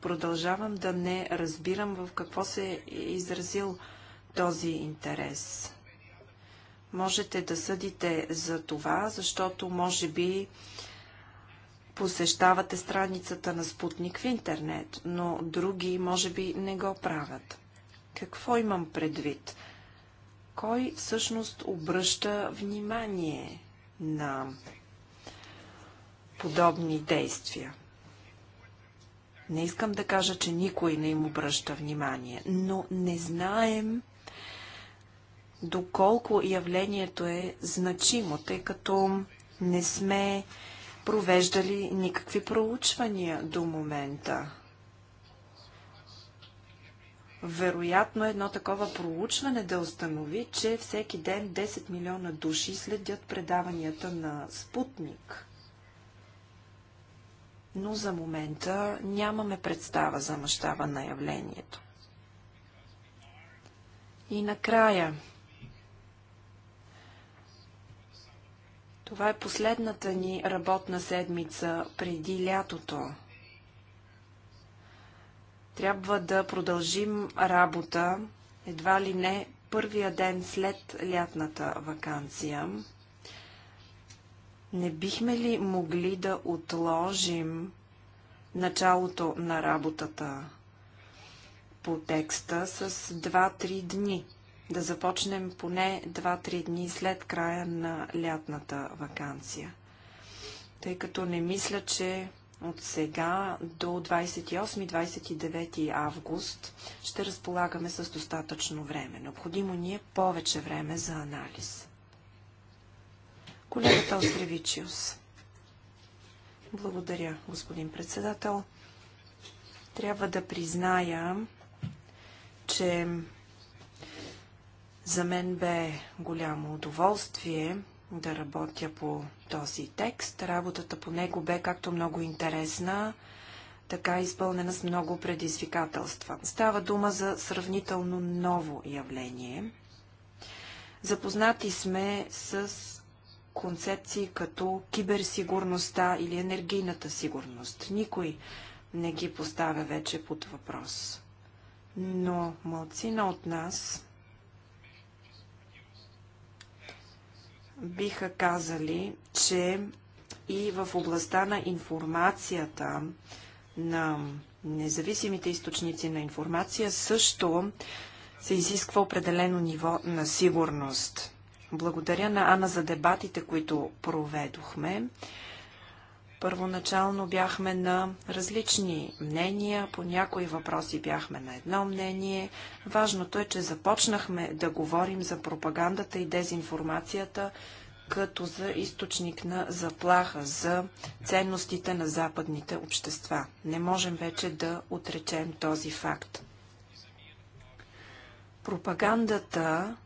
Продължавам да не разбирам в какво се е изразил този интерес. Можете да съдите за това, защото може би посещавате страницата на Спутник в интернет, но други може би не го правят. Какво имам предвид? Кой всъщност обръща внимание на подобни действия? Не искам да кажа, че никой не им обръща внимание, но не знаем доколко явлението е значимо, тъй като не сме провеждали никакви проучвания до момента. Вероятно едно такова проучване да установи, че всеки ден 10 милиона души следят предаванията на Спутник но за момента нямаме представа за мащаба на явлението. И накрая, това е последната ни работна седмица преди лятото. Трябва да продължим работа едва ли не първия ден след лятната вакансия. Не бихме ли могли да отложим началото на работата по текста с 2-3 дни? Да започнем поне 2-3 дни след края на лятната вакансия. Тъй като не мисля, че от сега до 28-29 август ще разполагаме с достатъчно време. Необходимо ни е повече време за анализ. Колегата Остревичиус. Благодаря, господин председател. Трябва да призная, че за мен бе голямо удоволствие да работя по този текст. Работата по него бе както много интересна, така изпълнена с много предизвикателства. Става дума за сравнително ново явление. Запознати сме с концепции като киберсигурността или енергийната сигурност. Никой не ги поставя вече под въпрос. Но мълцина от нас биха казали, че и в областта на информацията, на независимите източници на информация също се изисква определено ниво на сигурност. Благодаря на Ана за дебатите, които проведохме. Първоначално бяхме на различни мнения, по някои въпроси бяхме на едно мнение. Важното е, че започнахме да говорим за пропагандата и дезинформацията като за източник на заплаха, за ценностите на западните общества. Не можем вече да отречем този факт. Пропагандата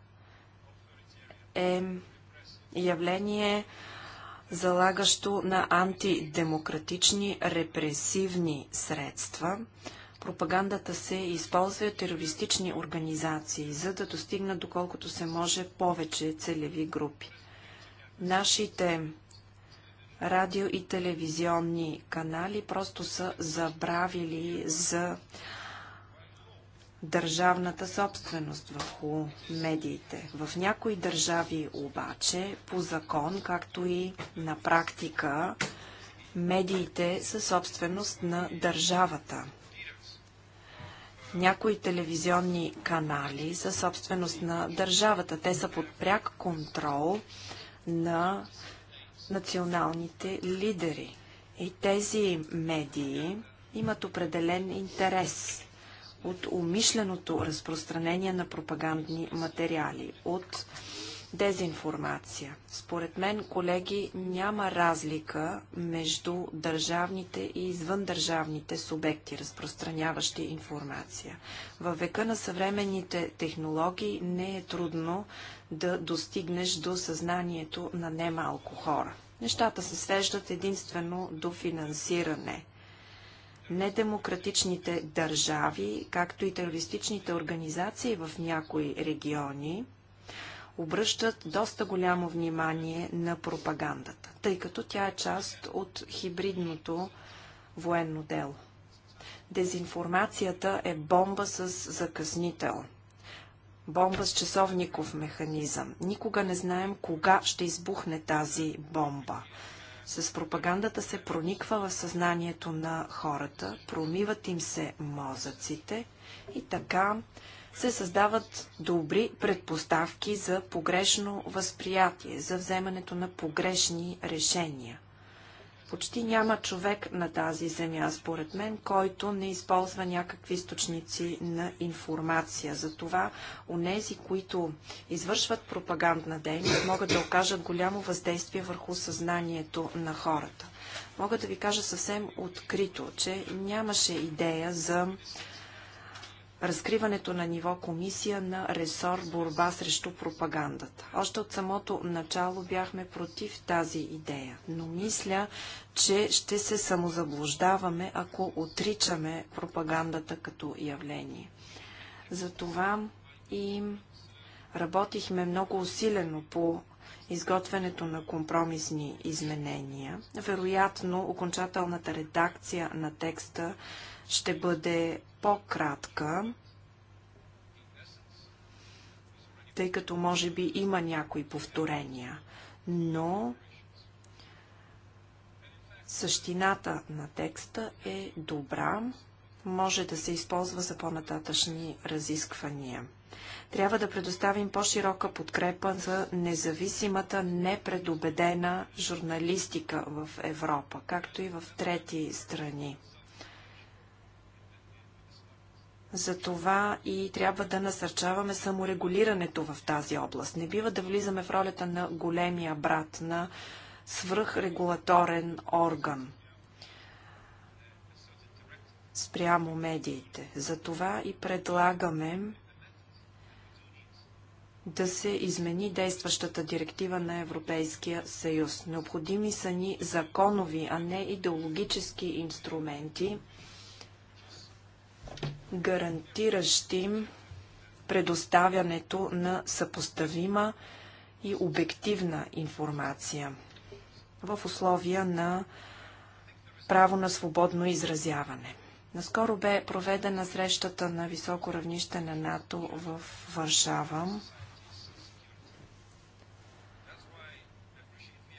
е явление, залагащо на антидемократични репресивни средства. Пропагандата се използва от терористични организации, за да достигнат доколкото се може повече целеви групи. Нашите радио и телевизионни канали просто са забравили за държавната собственост върху медиите. В някои държави обаче, по закон, както и на практика, медиите са собственост на държавата. Някои телевизионни канали са собственост на държавата. Те са под пряк контрол на националните лидери. И тези медии имат определен интерес от умишленото разпространение на пропагандни материали, от дезинформация. Според мен, колеги, няма разлика между държавните и извъндържавните субекти, разпространяващи информация. Във века на съвременните технологии не е трудно да достигнеш до съзнанието на немалко хора. Нещата се свеждат единствено до финансиране недемократичните държави, както и терористичните организации в някои региони, обръщат доста голямо внимание на пропагандата, тъй като тя е част от хибридното военно дело. Дезинформацията е бомба с закъснител. Бомба с часовников механизъм. Никога не знаем кога ще избухне тази бомба с пропагандата се прониква в съзнанието на хората, промиват им се мозъците и така се създават добри предпоставки за погрешно възприятие, за вземането на погрешни решения. Почти няма човек на тази земя, според мен, който не използва някакви източници на информация. Затова онези, които извършват пропагандна дейност, могат да окажат голямо въздействие върху съзнанието на хората. Мога да ви кажа съвсем открито, че нямаше идея за разкриването на ниво комисия на ресор борба срещу пропагандата. Още от самото начало бяхме против тази идея, но мисля, че ще се самозаблуждаваме, ако отричаме пропагандата като явление. Затова и работихме много усилено по изготвянето на компромисни изменения. Вероятно, окончателната редакция на текста ще бъде по-кратка, тъй като може би има някои повторения, но същината на текста е добра, може да се използва за по-нататъчни разисквания. Трябва да предоставим по-широка подкрепа за независимата, непредобедена журналистика в Европа, както и в трети страни. Затова и трябва да насърчаваме саморегулирането в тази област. Не бива да влизаме в ролята на големия брат, на свръхрегулаторен орган спрямо медиите. Затова и предлагаме да се измени действащата директива на Европейския съюз. Необходими са ни законови, а не идеологически инструменти – гарантиращи предоставянето на съпоставима и обективна информация в условия на право на свободно изразяване. Наскоро бе проведена срещата на високо равнище на НАТО в Варшава.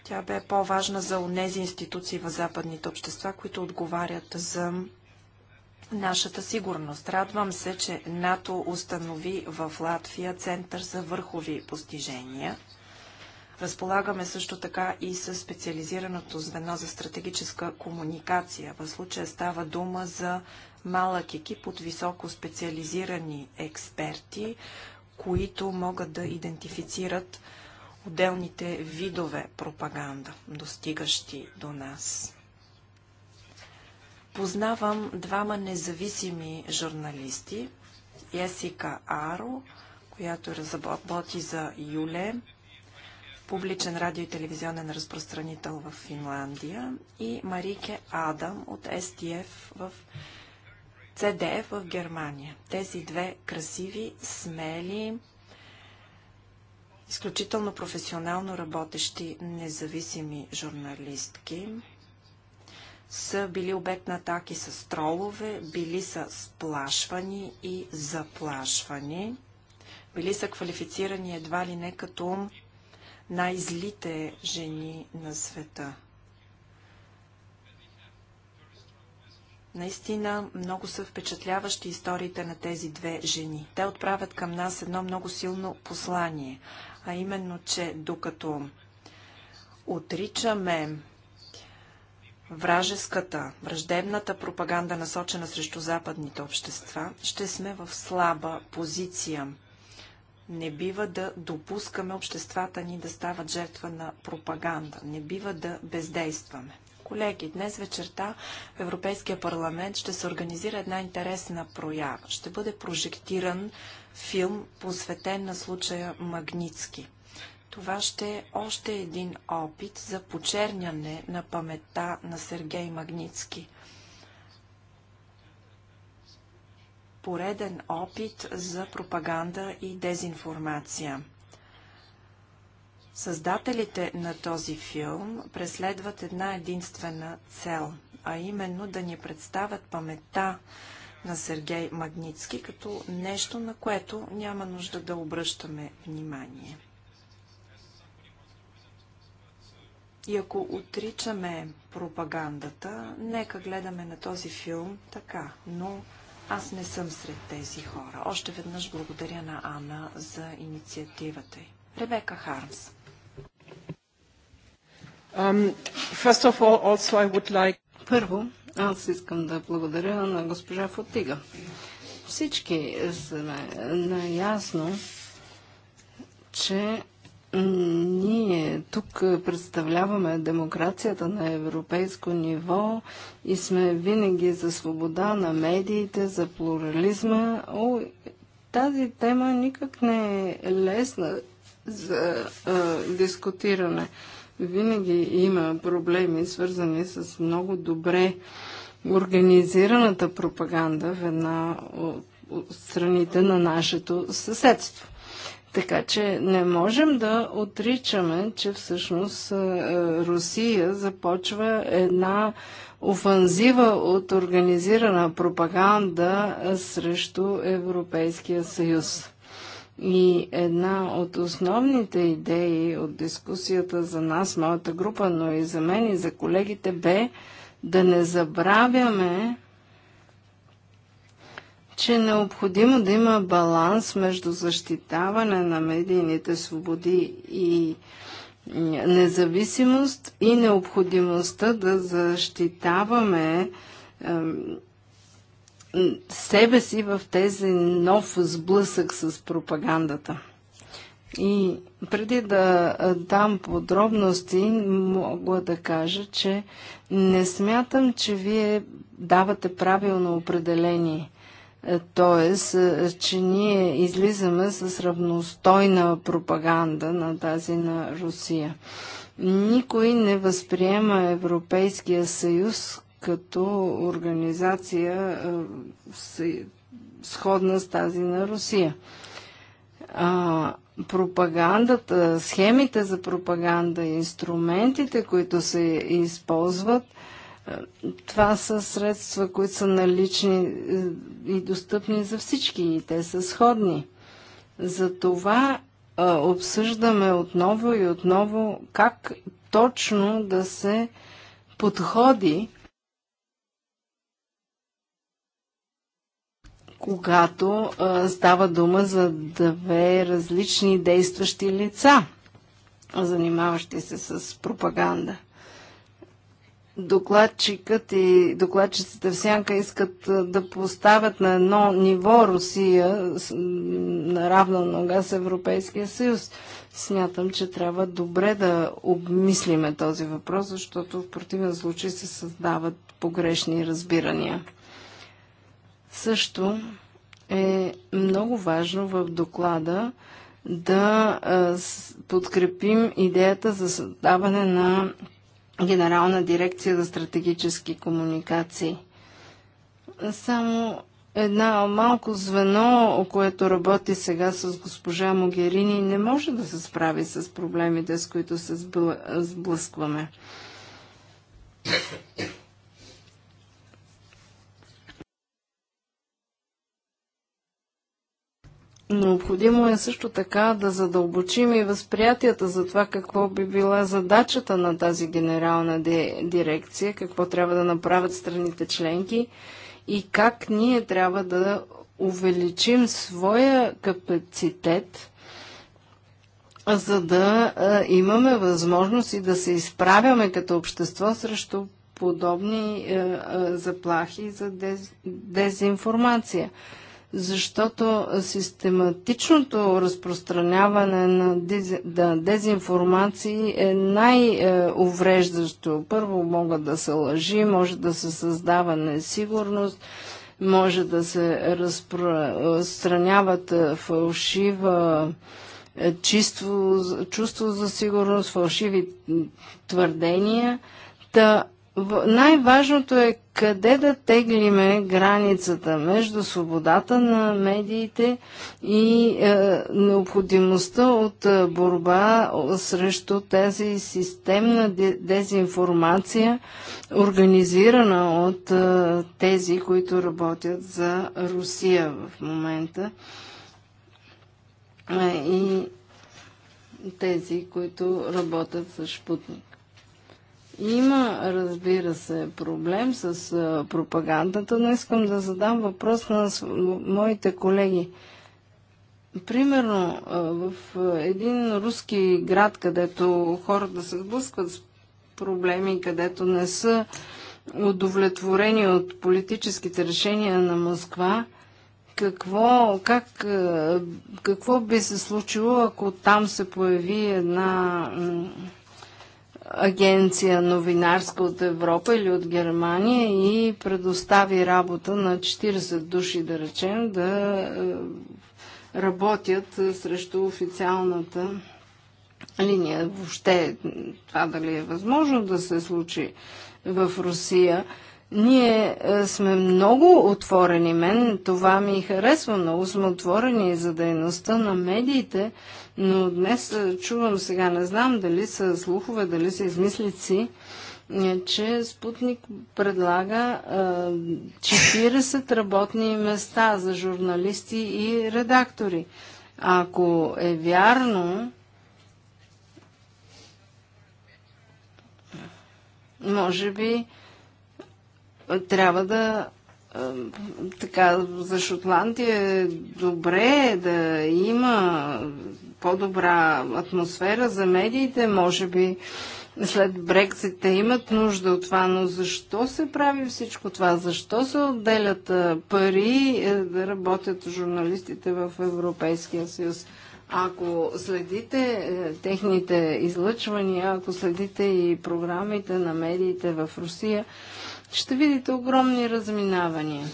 Тя бе по-важна за онези институции в западните общества, които отговарят за нашата сигурност. Радвам се, че НАТО установи в Латвия Център за върхови постижения. Разполагаме също така и с специализираното звено за стратегическа комуникация. В случая става дума за малък екип от високо специализирани експерти, които могат да идентифицират отделните видове пропаганда, достигащи до нас. Познавам двама независими журналисти. Есика Аро, която работи за Юле, публичен радио и телевизионен разпространител в Финландия, и Марике Адам от СТФ в CDF в Германия. Тези две красиви, смели, изключително професионално работещи независими журналистки – са били обект на атаки с тролове, били са сплашвани и заплашвани, били са квалифицирани едва ли не като най-злите жени на света. Наистина много са впечатляващи историите на тези две жени. Те отправят към нас едно много силно послание, а именно, че докато отричаме вражеската, враждебната пропаганда, насочена срещу западните общества, ще сме в слаба позиция. Не бива да допускаме обществата ни да стават жертва на пропаганда. Не бива да бездействаме. Колеги, днес вечерта в Европейския парламент ще се организира една интересна проява. Ще бъде прожектиран филм, посветен на случая Магницки. Това ще е още един опит за почерняне на паметта на Сергей Магницки. Пореден опит за пропаганда и дезинформация. Създателите на този филм преследват една единствена цел, а именно да ни представят паметта на Сергей Магницки като нещо, на което няма нужда да обръщаме внимание. И ако отричаме пропагандата, нека гледаме на този филм така, но аз не съм сред тези хора. Още веднъж благодаря на Анна за инициативата й. Ребека Хармс. Um, all, like... Първо, аз искам да благодаря на госпожа Фотига. Всички са наясно, че ние тук представляваме демокрацията на европейско ниво и сме винаги за свобода на медиите, за плурализма. О, тази тема никак не е лесна за а, дискутиране. Винаги има проблеми, свързани с много добре организираната пропаганда в една от страните на нашето съседство. Така че не можем да отричаме, че всъщност е, е, Русия започва една офанзива от организирана пропаганда е, срещу Европейския съюз. И една от основните идеи от дискусията за нас, моята група, но и за мен и за колегите бе да не забравяме, че е необходимо да има баланс между защитаване на медийните свободи и независимост и необходимостта да защитаваме себе си в тези нов сблъсък с пропагандата. И преди да е, дам подробности, мога да кажа, че не смятам, че вие давате правилно определение. Тоест, е, че ние излизаме с равностойна пропаганда на тази на Русия. Никой не възприема Европейския съюз като организация е, сходна с тази на Русия. А, пропагандата, схемите за пропаганда, инструментите, които се използват – това са средства, които са налични е, и достъпни за всички и те са сходни. Затова обсъждаме отново и отново как точно да се подходи, когато става дума за две различни действащи лица, занимаващи се с пропаганда докладчикът и докладчицата в Сянка искат да поставят на едно ниво Русия на равна нога с Европейския съюз. Смятам, че трябва добре да обмислиме този въпрос, защото в противен случай се създават погрешни разбирания. Също е много важно в доклада да подкрепим идеята за създаване на Генерална дирекция за стратегически комуникации. Само една малко звено, което работи сега с госпожа Могерини, не може да се справи с проблемите, с които се сблъскваме. Необходимо е също така да задълбочим и възприятията за това какво би била задачата на тази генерална дирекция, какво трябва да направят страните членки и как ние трябва да увеличим своя капацитет, за да имаме възможност и да се изправяме като общество срещу подобни заплахи за дезинформация защото систематичното разпространяване на, дезинформации е най-увреждащо. Първо могат да се лъжи, може да се създава несигурност, може да се разпространяват е, фалшива е, чувство, чувство за сигурност, фалшиви твърдения. Та най-важното е къде да теглиме границата между свободата на медиите и е, необходимостта от е, борба срещу тази системна дезинформация, организирана от е, тези, които работят за Русия в момента. Е, и тези, които работят за Шпутник. Има, разбира се, проблем с пропагандата, но искам да задам въпрос на моите колеги. Примерно, в един руски град, където хората се сблъскват с проблеми, където не са удовлетворени от политическите решения на Москва, какво, как, какво би се случило, ако там се появи една агенция новинарска от Европа или от Германия и предостави работа на 40 души, да речем, да е, работят е, срещу официалната линия. Въобще това дали е възможно да се случи в Русия. Ние е, сме много отворени. Мен това ми харесва. Много сме отворени за дейността на медиите, но днес е, чувам сега, не знам дали са слухове, дали са измислици, е, че Спутник предлага 40 работни места за журналисти и редактори. Ако е вярно, може би трябва да така, за Шотландия е добре да има по-добра атмосфера за медиите, може би след Брексит те имат нужда от това, но защо се прави всичко това? Защо се отделят пари е, да работят журналистите в Европейския съюз? Ако следите е, техните излъчвания, ако следите и програмите на медиите в Русия, ще видите огромни разминавания.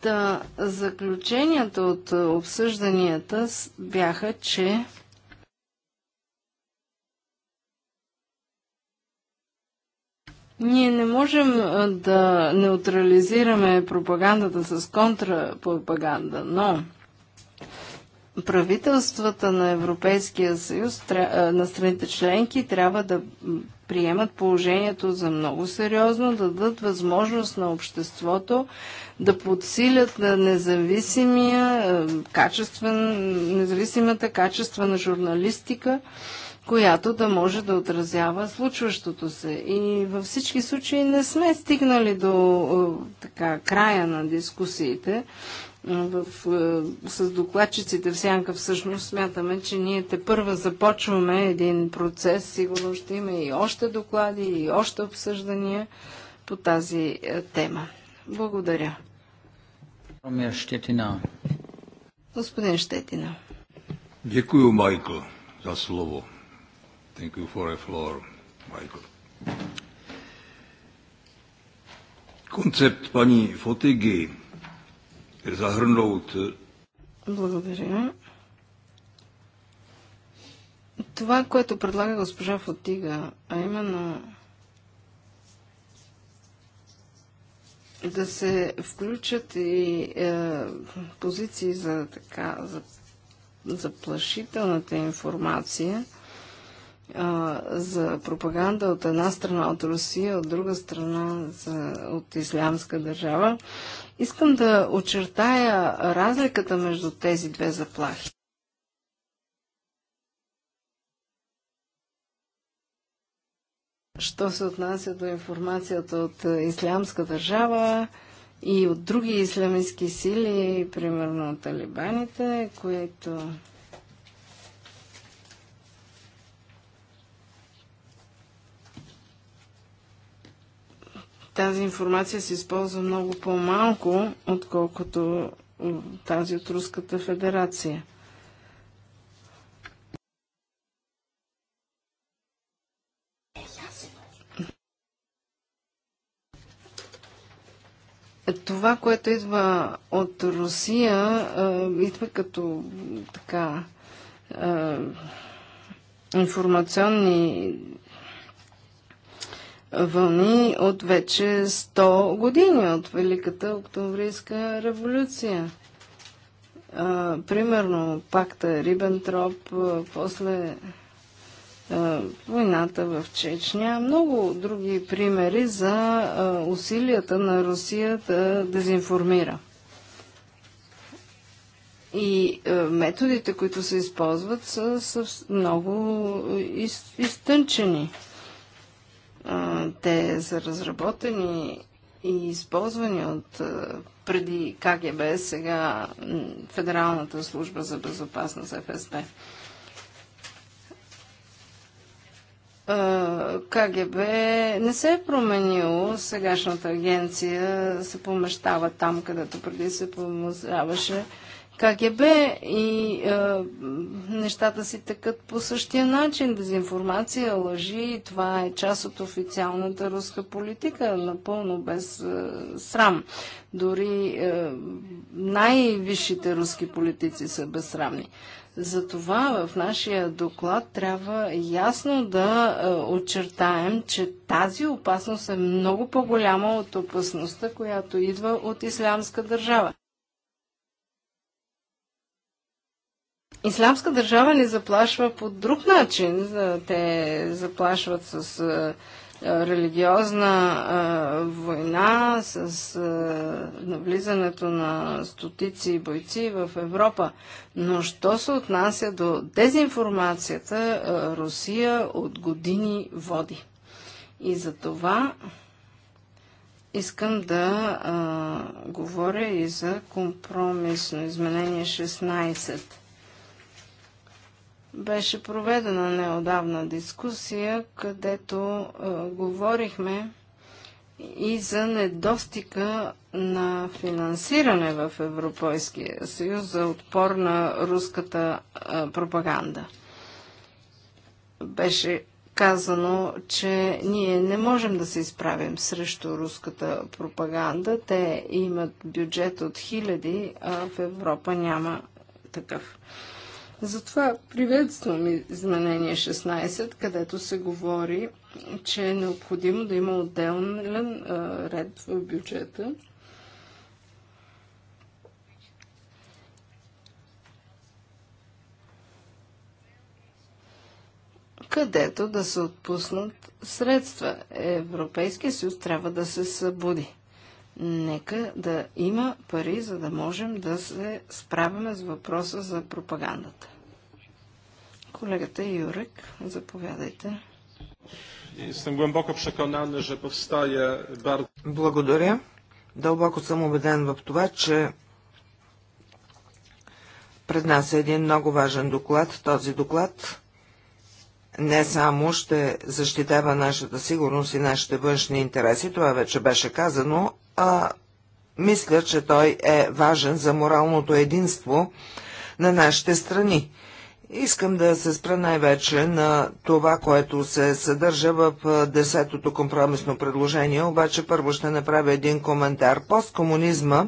Та заключенията от обсъжданията бяха, че Ние не можем да неутрализираме пропагандата с контрапропаганда, но правителствата на Европейския съюз, на страните членки, трябва да приемат положението за много сериозно, да дадат възможност на обществото да подсилят на независимия, е, качествен, независимата на журналистика, която да може да отразява случващото се. И във всички случаи не сме стигнали до е, така, края на дискусиите в, в, с докладчиците в Сянка всъщност смятаме, че ние те първа започваме един процес. Сигурно ще има и още доклади, и още обсъждания по тази е, тема. Благодаря. Щетина. Господин Щетина. Дякую, Майкл, за слово. Thank you for the floor, Michael. Koncept paní Fotigy zahrnout. Е е, Благодаря. Това, което предлага госпожа Фотига, а именно да се включат и е, позиции за така за заплашителната информация а, е, за пропаганда от една страна от Русия, от друга страна за, от Ислямска държава, Искам да очертая разликата между тези две заплахи. Що се отнася до информацията от е, Ислямска държава и от други ислямски сили, примерно талибаните, които тази информация се използва много по-малко, отколкото тази от Руската федерация. Това, което идва от Русия, идва като така информационни вълни от вече 100 години, от Великата Октомврийска революция. А, примерно пакта Рибентроп, а, после а, войната в Чечня, много други примери за а, усилията на Русия да дезинформира. И а, методите, които се използват, са, са много из, изтънчени. Те са разработени и използвани от преди КГБ, сега Федералната служба за безопасност ФСБ. КГБ не се е променило. Сегашната агенция се помещава там, където преди се помещаваше КГБ и а, е, нещата си тъкат по същия начин. Дезинформация, лъжи, това е част от официалната руска политика, напълно без а, е, срам. Дори е, най-висшите руски политици са безсрамни. Затова в нашия доклад трябва ясно да а, очертаем, че тази опасност е много по-голяма от опасността, която идва от ислямска държава. Исламска държава ни заплашва по друг начин. Е, те заплашват с е, е, религиозна а, война, с а, навлизането на стотици бойци в Европа. Но що се отнася до дезинформацията, а, Русия от години води. И за това искам да а, говоря и за компромисно изменение 16 беше проведена неодавна дискусия, където е, говорихме и за недостига на финансиране в Европейския съюз за отпор на руската е, пропаганда. Беше казано, че ние не можем да се изправим срещу руската пропаганда. Те имат бюджет от хиляди, а в Европа няма такъв. Затова приветствам изменение 16, където се говори, че е необходимо да има отделен ред в бюджета. където да се отпуснат средства. Европейския съюз трябва да се събуди. Нека да има пари, за да можем да се справяме с въпроса за пропагандата. Колегата Юрек, заповядайте. Благодаря. Дълбоко съм убеден в това, че пред нас е един много важен доклад. Този доклад не само ще защитава нашата сигурност и нашите външни интереси, това вече беше казано, а мисля, че той е важен за моралното единство на нашите страни. Искам да се спра най-вече на това, което се съдържа в десетото компромисно предложение, обаче първо ще направя един коментар. Посткомунизма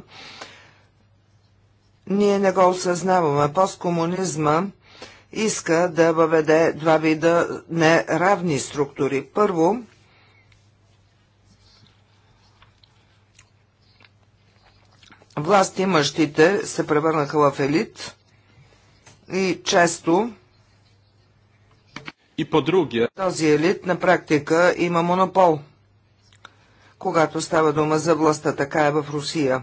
ние не го осъзнаваме. Посткомунизма иска да въведе два вида неравни структури. Първо, власт имащите се превърнаха в елит и често и по другия. Този елит на практика има монопол, когато става дума за властта, така е в Русия.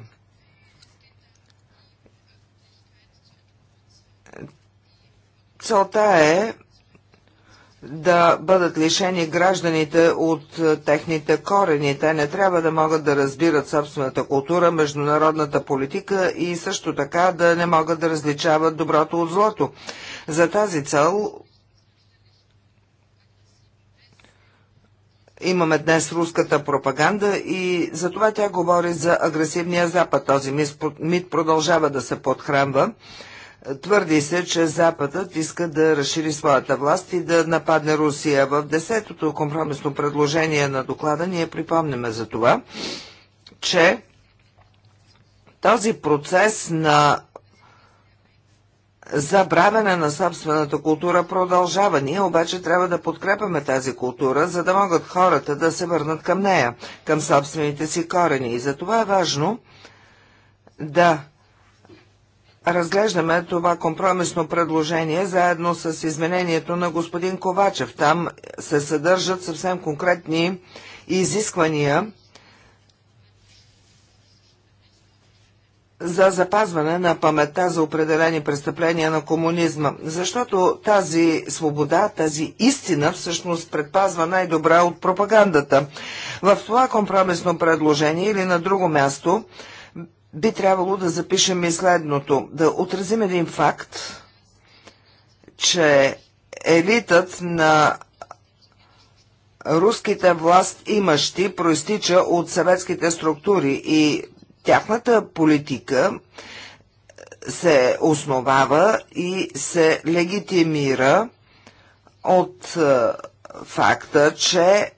Целта е да бъдат лишени гражданите от е, техните корени. Те не трябва да могат да разбират собствената култура, международната политика и също така да не могат да различават доброто от злото. За тази цел имаме днес руската пропаганда и за това тя говори за агресивния Запад. Този мит продължава да се подхранва. Твърди се, че Западът иска да разшири своята власт и да нападне Русия. В десетото компромисно предложение на доклада ние припомняме за това, че този процес на забравяне на собствената култура продължава. Ние обаче трябва да подкрепяме тази култура, за да могат хората да се върнат към нея, към собствените си корени. И за това е важно да разглеждаме това компромисно предложение заедно с изменението на господин Ковачев. Там се съдържат съвсем конкретни изисквания за запазване на паметта за определени престъпления на комунизма. Защото тази свобода, тази истина всъщност предпазва най-добра от пропагандата. В това компромисно предложение или на друго място – би трябвало да запишем и следното. Да отразим един факт, че елитът на руските власт имащи проистича от съветските структури и тяхната политика се основава и се легитимира от е, факта, че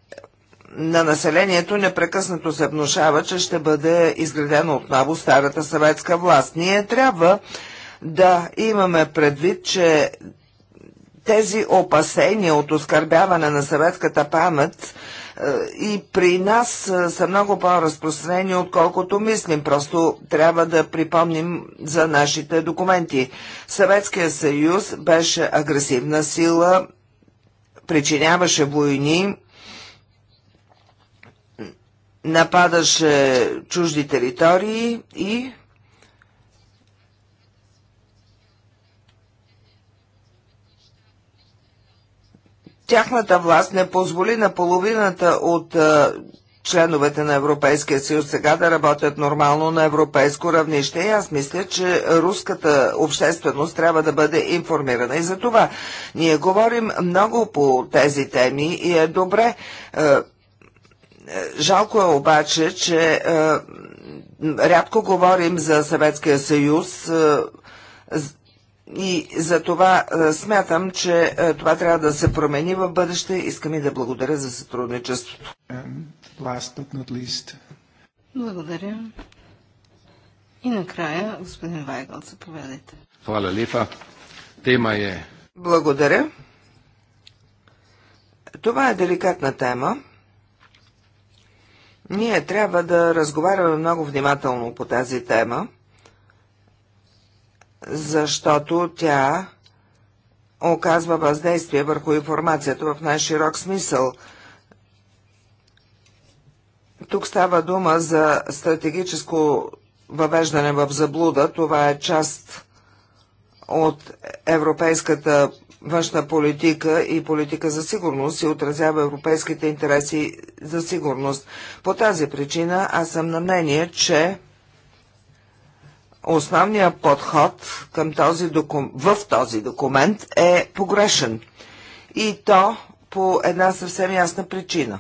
на населението непрекъснато се внушава, че ще бъде изградена отново старата съветска власт. Ние трябва да имаме предвид, че тези опасения от оскърбяване на съветската памет е, и при нас е, са много по-разпространени, отколкото мислим. Просто трябва да припомним за нашите документи. Съветския съюз беше агресивна сила, причиняваше войни, нападаше чужди територии и тяхната власт не позволи на половината от членовете на Европейския съюз сега да работят нормално на европейско равнище. И аз мисля, че руската общественост трябва да бъде информирана. И за това ние говорим много по тези теми и е добре е, Жалко е обаче, че е, рядко говорим за Съветския съюз е, и за това е, смятам, че е, това трябва да се промени в бъдеще. Искам и да благодаря за сътрудничеството. Благодаря. И накрая, господин Вайгъл, заповядайте. Хвала лифа. Тема е... Благодаря. Това е деликатна тема. Ние трябва да разговаряме много внимателно по тази тема, защото тя оказва въздействие върху информацията в най-широк смисъл. Тук става дума за стратегическо въвеждане в заблуда. Това е част от европейската външна политика и политика за сигурност и отразява европейските интереси за сигурност. По тази причина аз съм на мнение, че основният подход към този докум... в този документ е погрешен. И то по една съвсем ясна причина.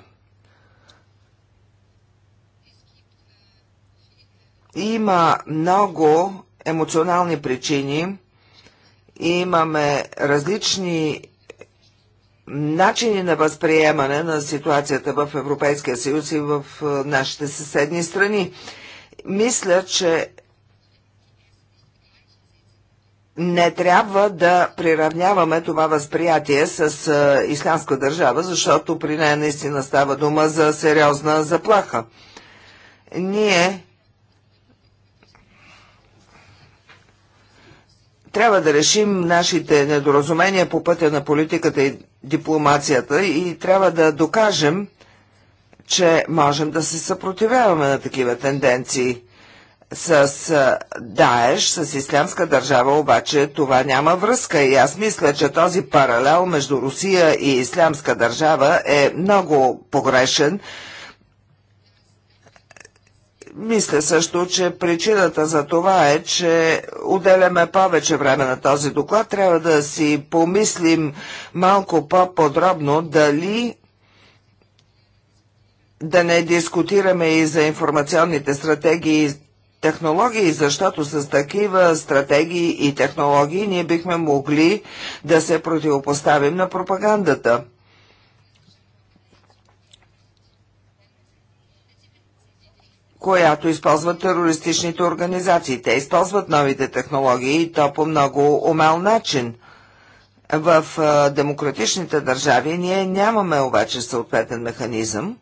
Има много емоционални причини, имаме различни начини на възприемане на ситуацията в Европейския съюз и в нашите съседни страни. Мисля, че не трябва да приравняваме това възприятие с исламска държава, защото при нея наистина става дума за сериозна заплаха. Ние трябва да решим нашите недоразумения по пътя на политиката и дипломацията и трябва да докажем, че можем да се съпротивяваме на такива тенденции. С Даеш, с Ислямска държава обаче това няма връзка и аз мисля, че този паралел между Русия и Ислямска държава е много погрешен мисля също, че причината за това е, че отделяме повече време на този доклад. Трябва да си помислим малко по-подробно дали да не дискутираме и за информационните стратегии и технологии, защото с такива стратегии и технологии ние бихме могли да се противопоставим на пропагандата. която използват терористичните организации. Те използват новите технологии и то по много умел начин. В демократичните държави ние нямаме обаче съответен механизъм.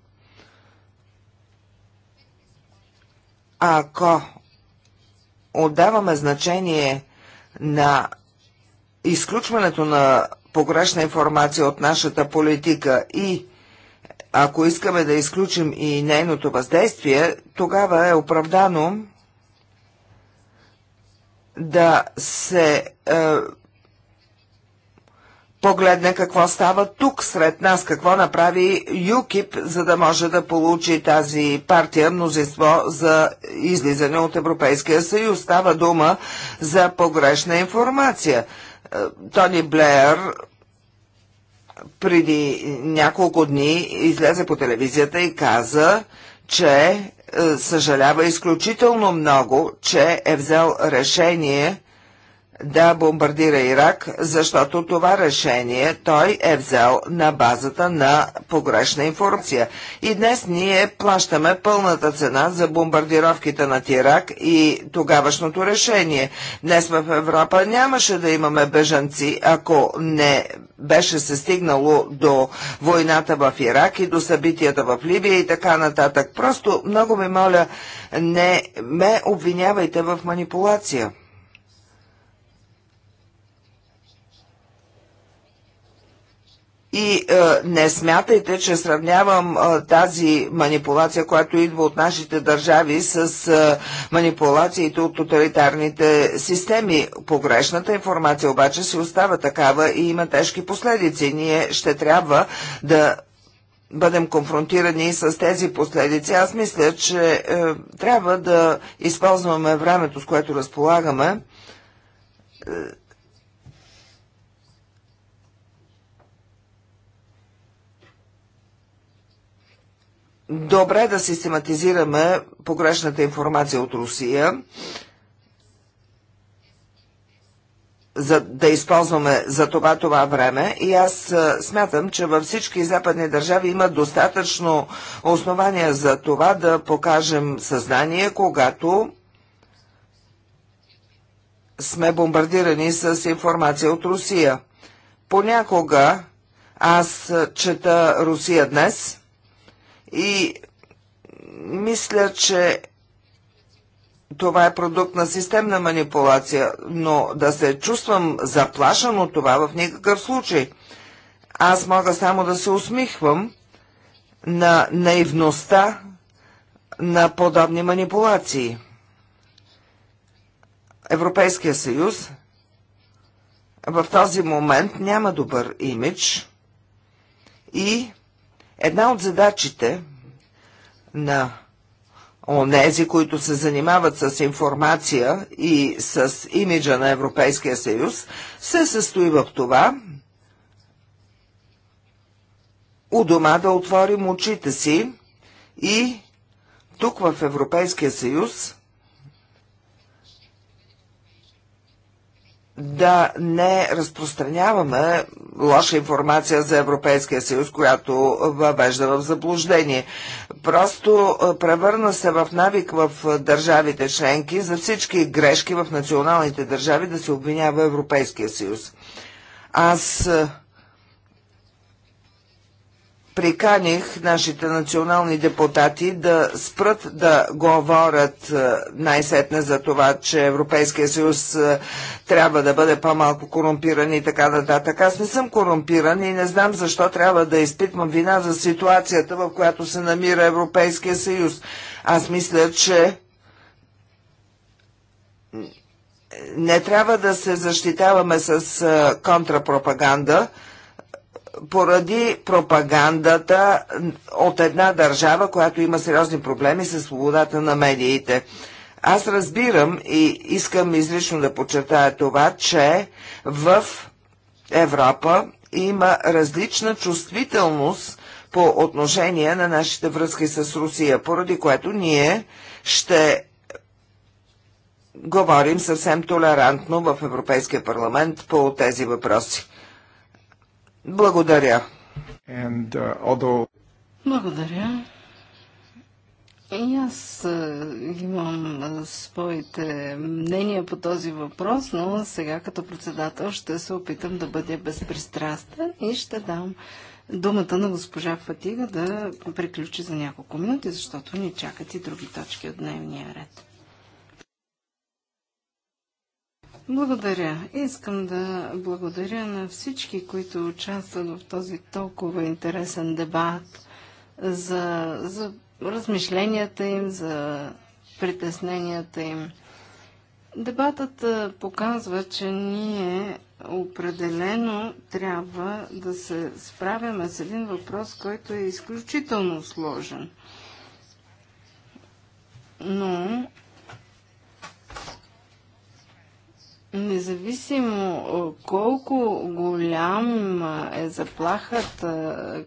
Ако отдаваме значение на изключването на погрешна информация от нашата политика и ако искаме да изключим и нейното въздействие, тогава е оправдано да се е, погледне какво става тук сред нас, какво направи ЮКИП, за да може да получи тази партия мнозинство за излизане от Европейския съюз. Става дума за погрешна информация. Е, Тони Блеер преди няколко дни излезе по телевизията и каза, че е, съжалява изключително много, че е взел решение да бомбардира Ирак, защото това решение той е взел на базата на погрешна информация. И днес ние плащаме пълната цена за бомбардировките над Ирак и тогавашното решение. Днес в Европа нямаше да имаме бежанци, ако не беше се стигнало до войната в Ирак и до събитията в Либия и така нататък. Просто много ви моля, не ме обвинявайте в манипулация. И е, не смятайте, че сравнявам е, тази манипулация, която идва от нашите държави с е, манипулациите от тоталитарните системи. Погрешната информация обаче си остава такава и има тежки последици. Ние ще трябва да бъдем конфронтирани с тези последици. Аз мисля, че е, трябва да използваме времето, с което разполагаме. Е, добре е да систематизираме погрешната информация от Русия, за да използваме за това това време и аз смятам, че във всички западни държави има достатъчно основания за това да покажем съзнание, когато сме бомбардирани с информация от Русия. Понякога аз чета Русия днес – и мисля, че това е продукт на системна манипулация, но да се чувствам заплашен от това в никакъв случай. Аз мога само да се усмихвам на наивността на подобни манипулации. Европейския съюз в този момент няма добър имидж и Една от задачите на онези, които се занимават с информация и с имиджа на Европейския съюз, се състои в това у дома да отворим очите си и тук в Европейския съюз да не разпространяваме лоша информация за Европейския съюз, която въвежда в заблуждение. Просто е, превърна се в навик в държавите членки за всички грешки в националните държави да се обвинява Европейския съюз. Аз е, приканих нашите национални депутати да спрат да говорят е, най-сетне за това, че Европейския съюз е, трябва да бъде по-малко корумпиран и така нататък. Аз не съм корумпиран и не знам защо трябва да изпитвам вина за ситуацията, в която се намира Европейския съюз. Аз мисля, че не трябва да се защитаваме с е, контрапропаганда, поради пропагандата от една държава, която има сериозни проблеми с свободата на медиите. Аз разбирам и искам излично да подчертая това, че в Европа има различна чувствителност по отношение на нашите връзки с Русия, поради което ние ще говорим съвсем толерантно в Европейския парламент по тези въпроси. Благодаря. And, uh, although... Благодаря. И аз е, имам е, своите мнения по този въпрос, но сега като председател ще се опитам да бъда безпристрастен и ще дам думата на госпожа Фатига да приключи за няколко минути, защото ни чакат и други точки от дневния ред. Благодаря. Искам да благодаря на всички, които участват в този толкова интересен дебат за, за размишленията им, за притесненията им. Дебатът показва, че ние определено трябва да се справяме с един въпрос, който е изключително сложен. Но Независимо колко голяма е заплахата,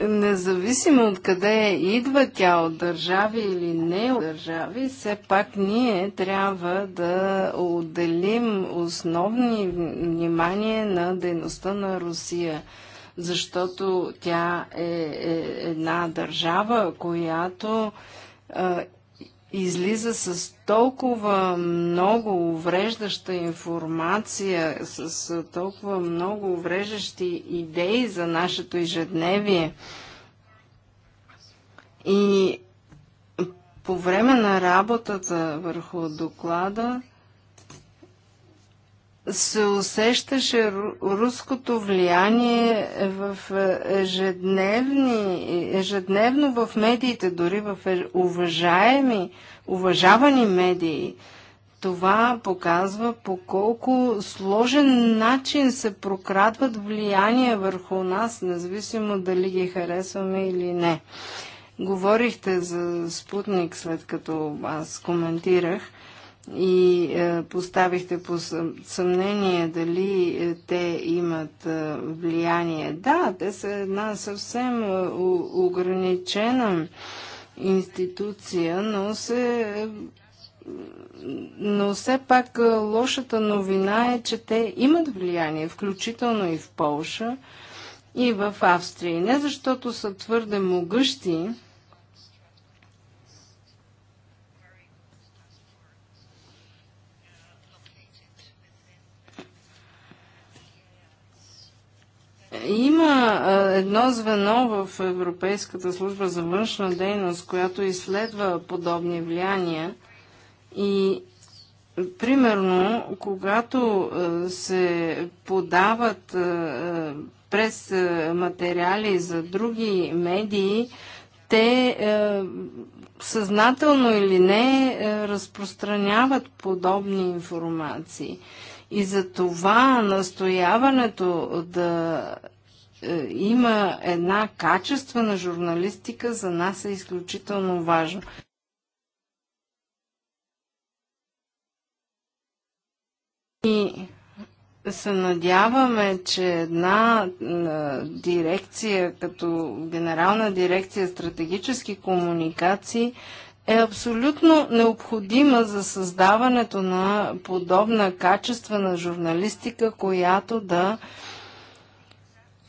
Независимо от къде идва тя, от държави или не от държави, все пак ние трябва да отделим основни внимание на дейността на Русия, защото тя е, е една държава, която излиза с толкова много увреждаща информация, с толкова много увреждащи идеи за нашето ежедневие. И по време на работата върху доклада се усещаше руското влияние в е, ежедневни, ежедневно в медиите, дори в е, уважаеми, уважавани медии. Това показва по колко сложен начин се прокрадват влияния върху нас, независимо дали ги харесваме или не. Говорихте за Спутник, след като аз коментирах и е, поставихте по съмнение дали е, те имат е, влияние. Да, те са една съвсем ограничена институция, но се но все пак лошата новина е, че те имат влияние, включително и в Полша, и в Австрия. Не защото са твърде могъщи, Има едно звено в Европейската служба за външна дейност, която изследва подобни влияния и примерно, когато се подават през материали за други медии, те съзнателно или не разпространяват подобни информации. И за това настояването да е, има една качествена журналистика за нас е изключително важно. И се надяваме, че една е, дирекция, като Генерална дирекция стратегически комуникации, е абсолютно необходима за създаването на подобна качествена журналистика, която да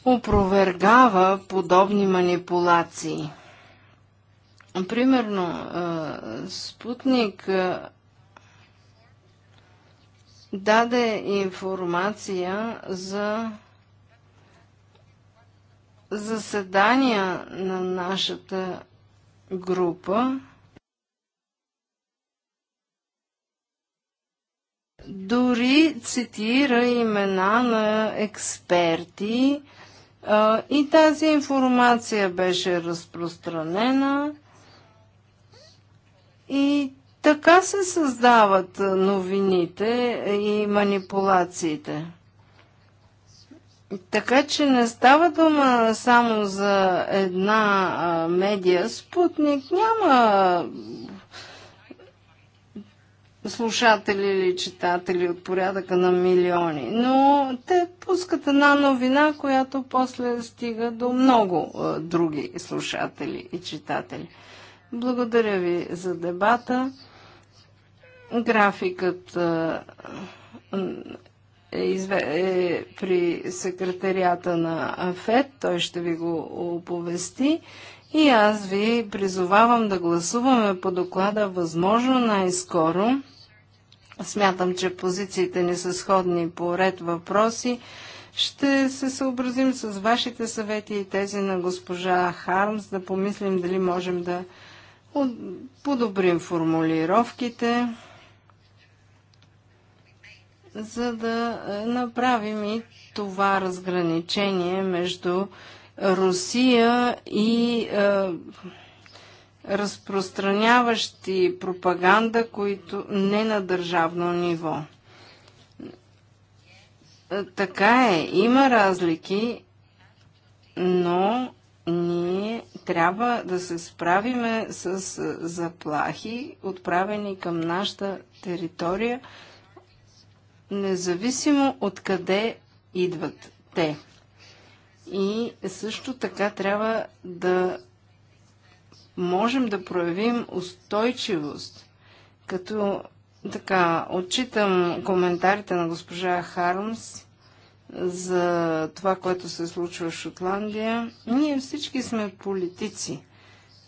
опровергава подобни манипулации. Примерно, Спутник даде информация за заседания на нашата група Дори цитира имена на експерти а, и тази информация беше разпространена и така се създават новините и манипулациите. Така че не става дума само за една а, медия. Спутник няма слушатели или читатели от порядъка на милиони, но те пускат една новина, която после стига до много а, е, други слушатели и читатели. Благодаря ви за дебата. Графикът е, е, е при секретарията на АФЕД, той ще ви го оповести. И аз ви призовавам да гласуваме по доклада възможно най-скоро Смятам, че позициите ни са сходни по ред въпроси. Ще се съобразим с вашите съвети и тези на госпожа Хармс, да помислим дали можем да подобрим формулировките, за да е, направим и това разграничение между Русия и е, разпространяващи пропаганда, които не на държавно ниво. Е, така е, има разлики, но ние трябва да се справиме с е, заплахи, отправени към нашата територия, независимо от къде идват те. И също така трябва да можем да проявим устойчивост, като така, отчитам коментарите на госпожа Хармс за това, което се случва в Шотландия. Ние всички сме политици.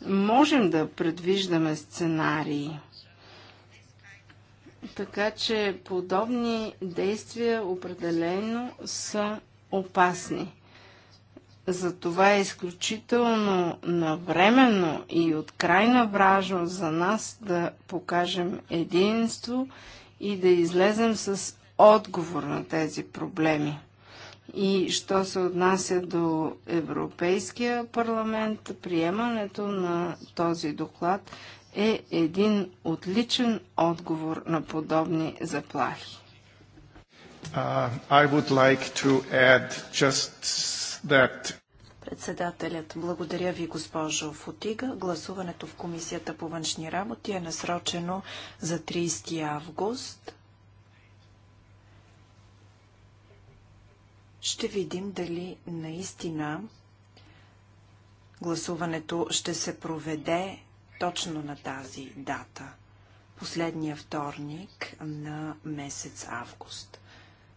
Можем да предвиждаме сценарии. Така че подобни действия определено са опасни. Затова е изключително навременно и от крайна важност за нас да покажем единство и да излезем с отговор на тези проблеми. И що се отнася до Европейския парламент, приемането на този доклад е един отличен отговор на подобни заплахи. Uh, I would like to add just that... Председателят, благодаря ви, госпожо Фотига. Гласуването в Комисията по външни работи е насрочено за 30 август. Ще видим дали наистина гласуването ще се проведе точно на тази дата, последния вторник на месец август.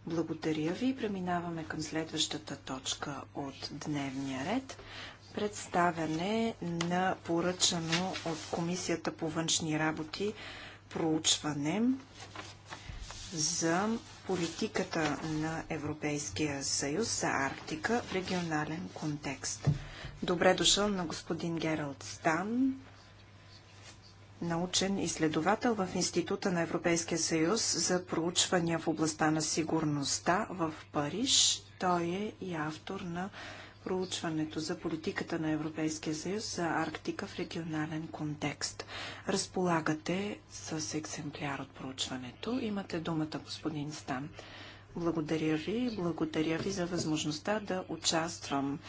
Благодаря ви. Преминаваме към следващата точка от дневния ред. Представяне на поръчано от Комисията по външни работи проучване за политиката на Европейския съюз за Арктика в регионален контекст. Добре дошъл на господин Гералд Стан, научен изследовател в Института на Европейския съюз за проучвания в областта на сигурността в Париж. Той е и автор на проучването за политиката на Европейския съюз за Арктика в регионален контекст. Разполагате с екземпляр от проучването. Имате думата, господин Стан. Благодаря ви. Благодаря ви за възможността да участвам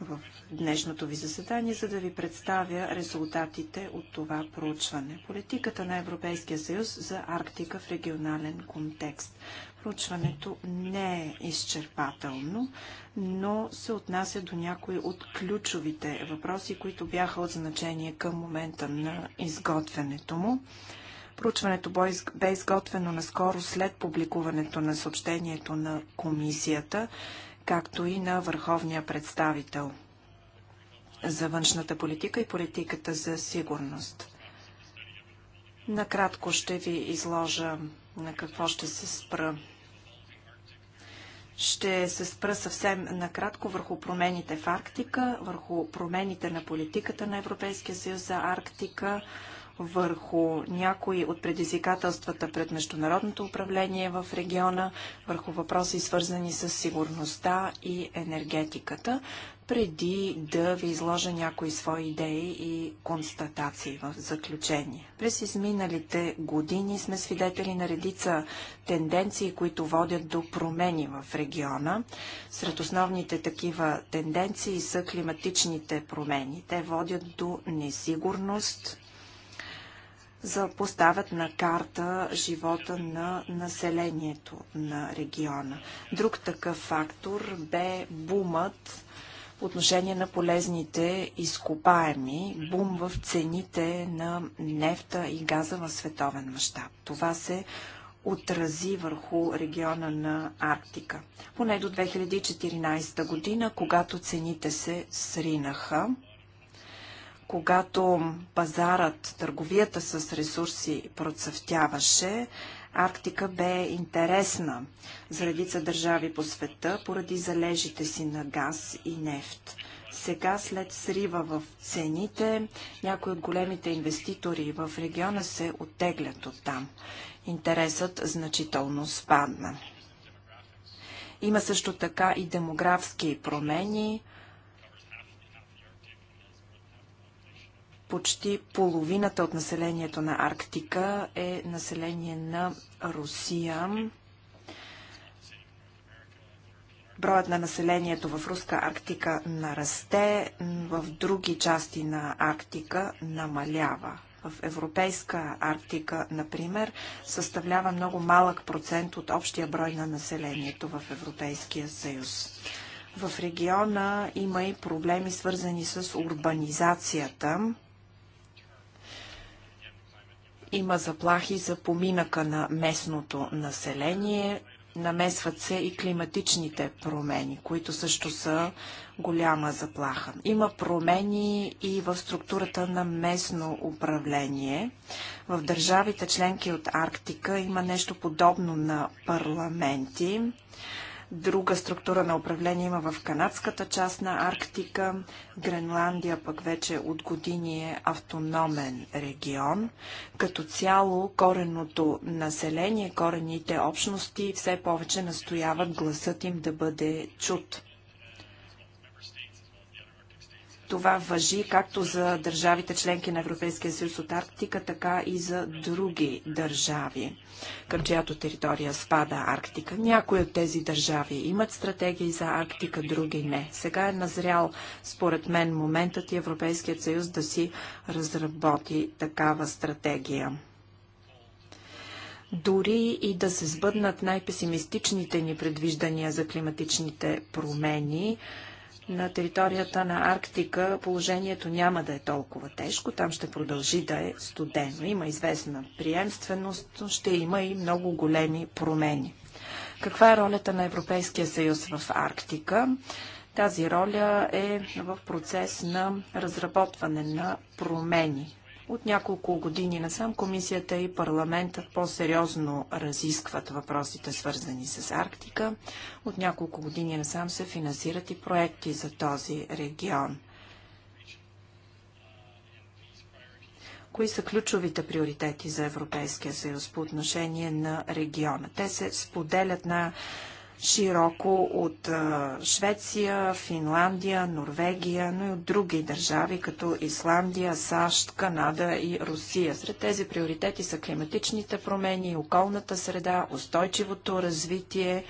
в днешното ви заседание, за да ви представя резултатите от това проучване. Политиката на Европейския съюз за Арктика в регионален контекст. Проучването не е изчерпателно, но се отнася до някои от ключовите въпроси, които бяха от значение към момента на изготвянето му. Проучването бе изготвено наскоро след публикуването на съобщението на комисията, както и на върховния представител за външната политика и политиката за сигурност. Накратко ще ви изложа на какво ще се спра. Ще се спра съвсем накратко върху промените в Арктика, върху промените на политиката на Европейския съюз за Арктика, върху някои от предизвикателствата пред международното управление в региона, върху въпроси свързани с сигурността и енергетиката, преди да ви изложа някои свои идеи и констатации в заключение. През изминалите години сме свидетели на редица тенденции, които водят до промени в региона. Сред основните такива тенденции са климатичните промени. Те водят до несигурност, за поставят на карта живота на населението на региона. Друг такъв фактор бе бумът по отношение на полезните изкопаеми, бум в цените на нефта и газа в световен мащаб. Това се отрази върху региона на Арктика. Поне до 2014 година, когато цените се сринаха, когато пазарът, търговията с ресурси процъфтяваше, Арктика бе интересна за редица държави по света поради залежите си на газ и нефт. Сега, след срива в цените, някои от големите инвеститори в региона се оттеглят от там. Интересът значително спадна. Има също така и демографски промени. почти половината от населението на Арктика е население на Русия. Броят на населението в Руска Арктика нарасте, в други части на Арктика намалява. В Европейска Арктика, например, съставлява много малък процент от общия брой на населението в Европейския съюз. В региона има и проблеми свързани с урбанизацията. Има заплахи за поминъка на местното население, намесват се и климатичните промени, които също са голяма заплаха. Има промени и в структурата на местно управление. В държавите членки от Арктика има нещо подобно на парламенти друга структура на управление има в канадската част на Арктика. Гренландия пък вече от години е автономен регион. Като цяло кореното население, корените общности все повече настояват гласът им да бъде чут. Това въжи както за държавите членки на Европейския съюз от Арктика, така и за други държави, към чиято територия спада Арктика. Някои от тези държави имат стратегии за Арктика, други не. Сега е назрял, според мен, моментът и Европейският съюз да си разработи такава стратегия. Дори и да се сбъднат най-песимистичните ни предвиждания за климатичните промени, на територията на Арктика положението няма да е толкова тежко. Там ще продължи да е студено. Има известна приемственост, но ще има и много големи промени. Каква е ролята на Европейския съюз в Арктика? Тази роля е в процес на разработване на промени от няколко години насам комисията и парламентът по-сериозно разискват въпросите свързани с Арктика. От няколко години насам се финансират и проекти за този регион. Кои са ключовите приоритети за Европейския съюз по отношение на региона? Те се споделят на широко от Швеция, Финландия, Норвегия, но и от други държави, като Исландия, САЩ, Канада и Русия. Сред тези приоритети са климатичните промени, околната среда, устойчивото развитие,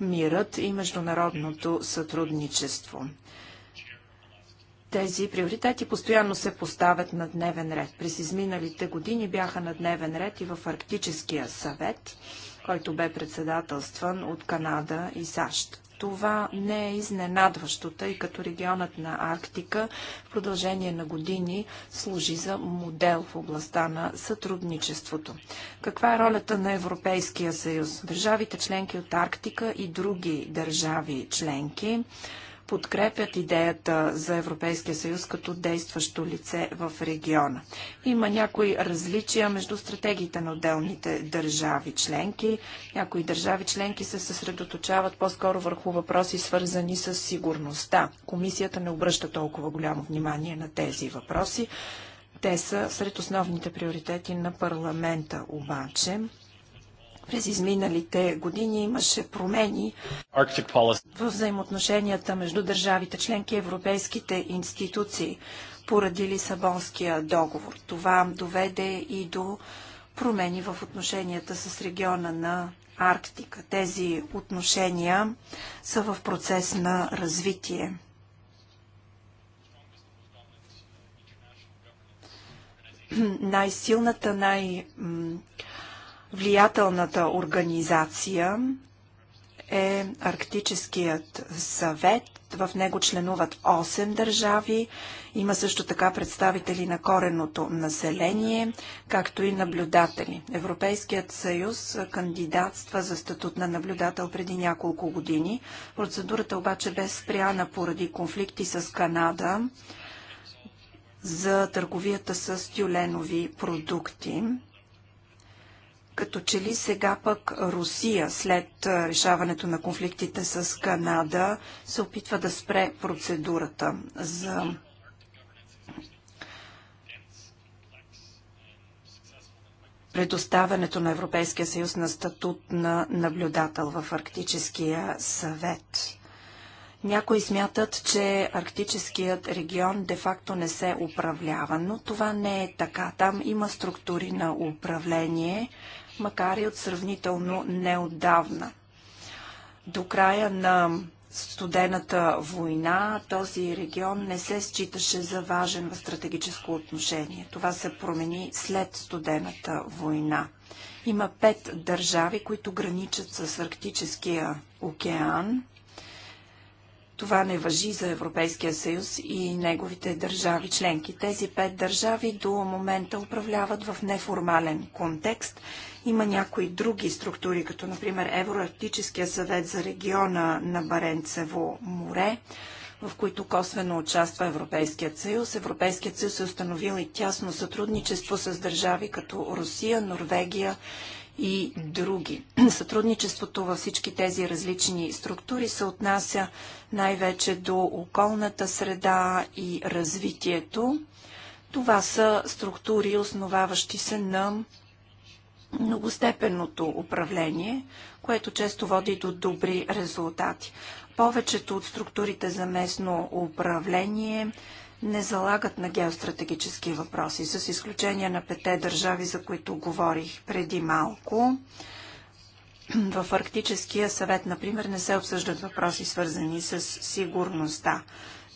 мирът и международното сътрудничество. Тези приоритети постоянно се поставят на дневен ред. През изминалите години бяха на дневен ред и в Арктическия съвет – който бе председателстван от Канада и САЩ. Това не е изненадващо, тъй като регионът на Арктика в продължение на години служи за модел в областта на сътрудничеството. Каква е ролята на Европейския съюз? Държавите членки от Арктика и други държави членки подкрепят идеята за Европейския съюз като действащо лице в региона. Има някои различия между стратегиите на отделните държави членки. Някои държави членки се съсредоточават по-скоро върху въпроси, свързани с сигурността. Комисията не обръща толкова голямо внимание на тези въпроси. Те са сред основните приоритети на парламента обаче. През изминалите години имаше промени в взаимоотношенията между държавите членки и европейските институции поради Лисабонския договор. Това доведе и до промени в отношенията с региона на Арктика. Тези отношения са в процес на развитие. Най-силната, най-силната Влиятелната организация е Арктическият съвет. В него членуват 8 държави. Има също така представители на кореното население, както и наблюдатели. Европейският съюз кандидатства за статут на наблюдател преди няколко години. Процедурата обаче бе спряна поради конфликти с Канада за търговията с тюленови продукти. Като че ли сега пък Русия, след решаването на конфликтите с Канада, се опитва да спре процедурата за предоставянето на Европейския съюз на статут на наблюдател в Арктическия съвет. Някои смятат, че арктическият регион де-факто не се управлява, но това не е така. Там има структури на управление, макар и от сравнително неотдавна. До края на студената война този регион не се считаше за важен в стратегическо отношение. Това се промени след студената война. Има пет държави, които граничат с Арктическия океан. Това не въжи за Европейския съюз и неговите държави членки. Тези пет държави до момента управляват в неформален контекст има някои други структури, като например Евроарктическия съвет за региона на Баренцево море, в които косвено участва Европейският съюз. Европейският съюз е установил и тясно сътрудничество с държави като Русия, Норвегия и други. Сътрудничеството във всички тези различни структури се отнася най-вече до околната среда и развитието. Това са структури, основаващи се на многостепенното управление, което често води до добри резултати. Повечето от структурите за местно управление не залагат на геостратегически въпроси, с изключение на пете държави, за които говорих преди малко. В Арктическия съвет, например, не се обсъждат въпроси, свързани с сигурността.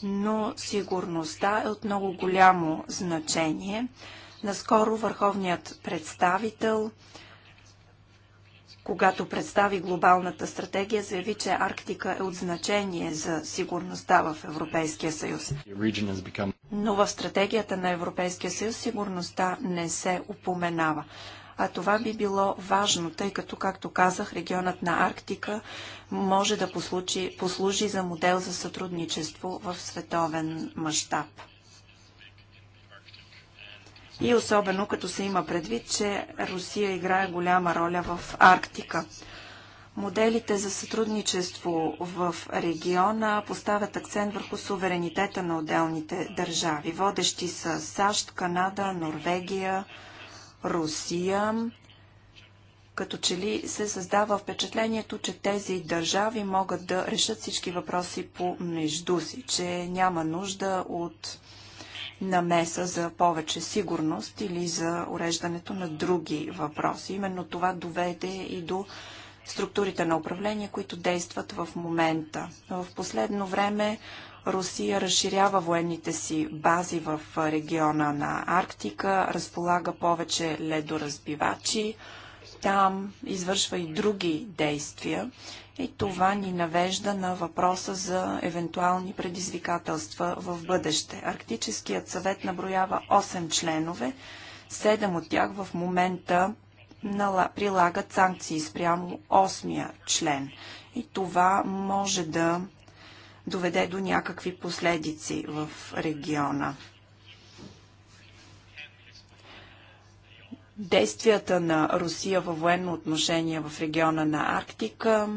Но сигурността е от много голямо значение – Наскоро върховният представител когато представи глобалната стратегия, заяви, че Арктика е от значение за сигурността в Европейския съюз. Но в стратегията на Европейския съюз сигурността не се упоменава. А това би било важно, тъй като, както казах, регионът на Арктика може да послужи, послужи за модел за сътрудничество в световен мащаб. И особено като се има предвид, че Русия играе голяма роля в Арктика. Моделите за сътрудничество в региона поставят акцент върху суверенитета на отделните държави. Водещи са САЩ, Канада, Норвегия, Русия. Като че ли се създава впечатлението, че тези държави могат да решат всички въпроси по между си, че няма нужда от намеса за повече сигурност или за уреждането на други въпроси. Именно това доведе и до структурите на управление, които действат в момента. В последно време Русия разширява военните си бази в региона на Арктика, разполага повече ледоразбивачи, там извършва и други действия, и това ни навежда на въпроса за евентуални предизвикателства в бъдеще. Арктическият съвет наброява 8 членове. 7 от тях в момента прилагат санкции спрямо 8-я член. И това може да доведе до някакви последици в региона. Действията на Русия във военно отношение в региона на Арктика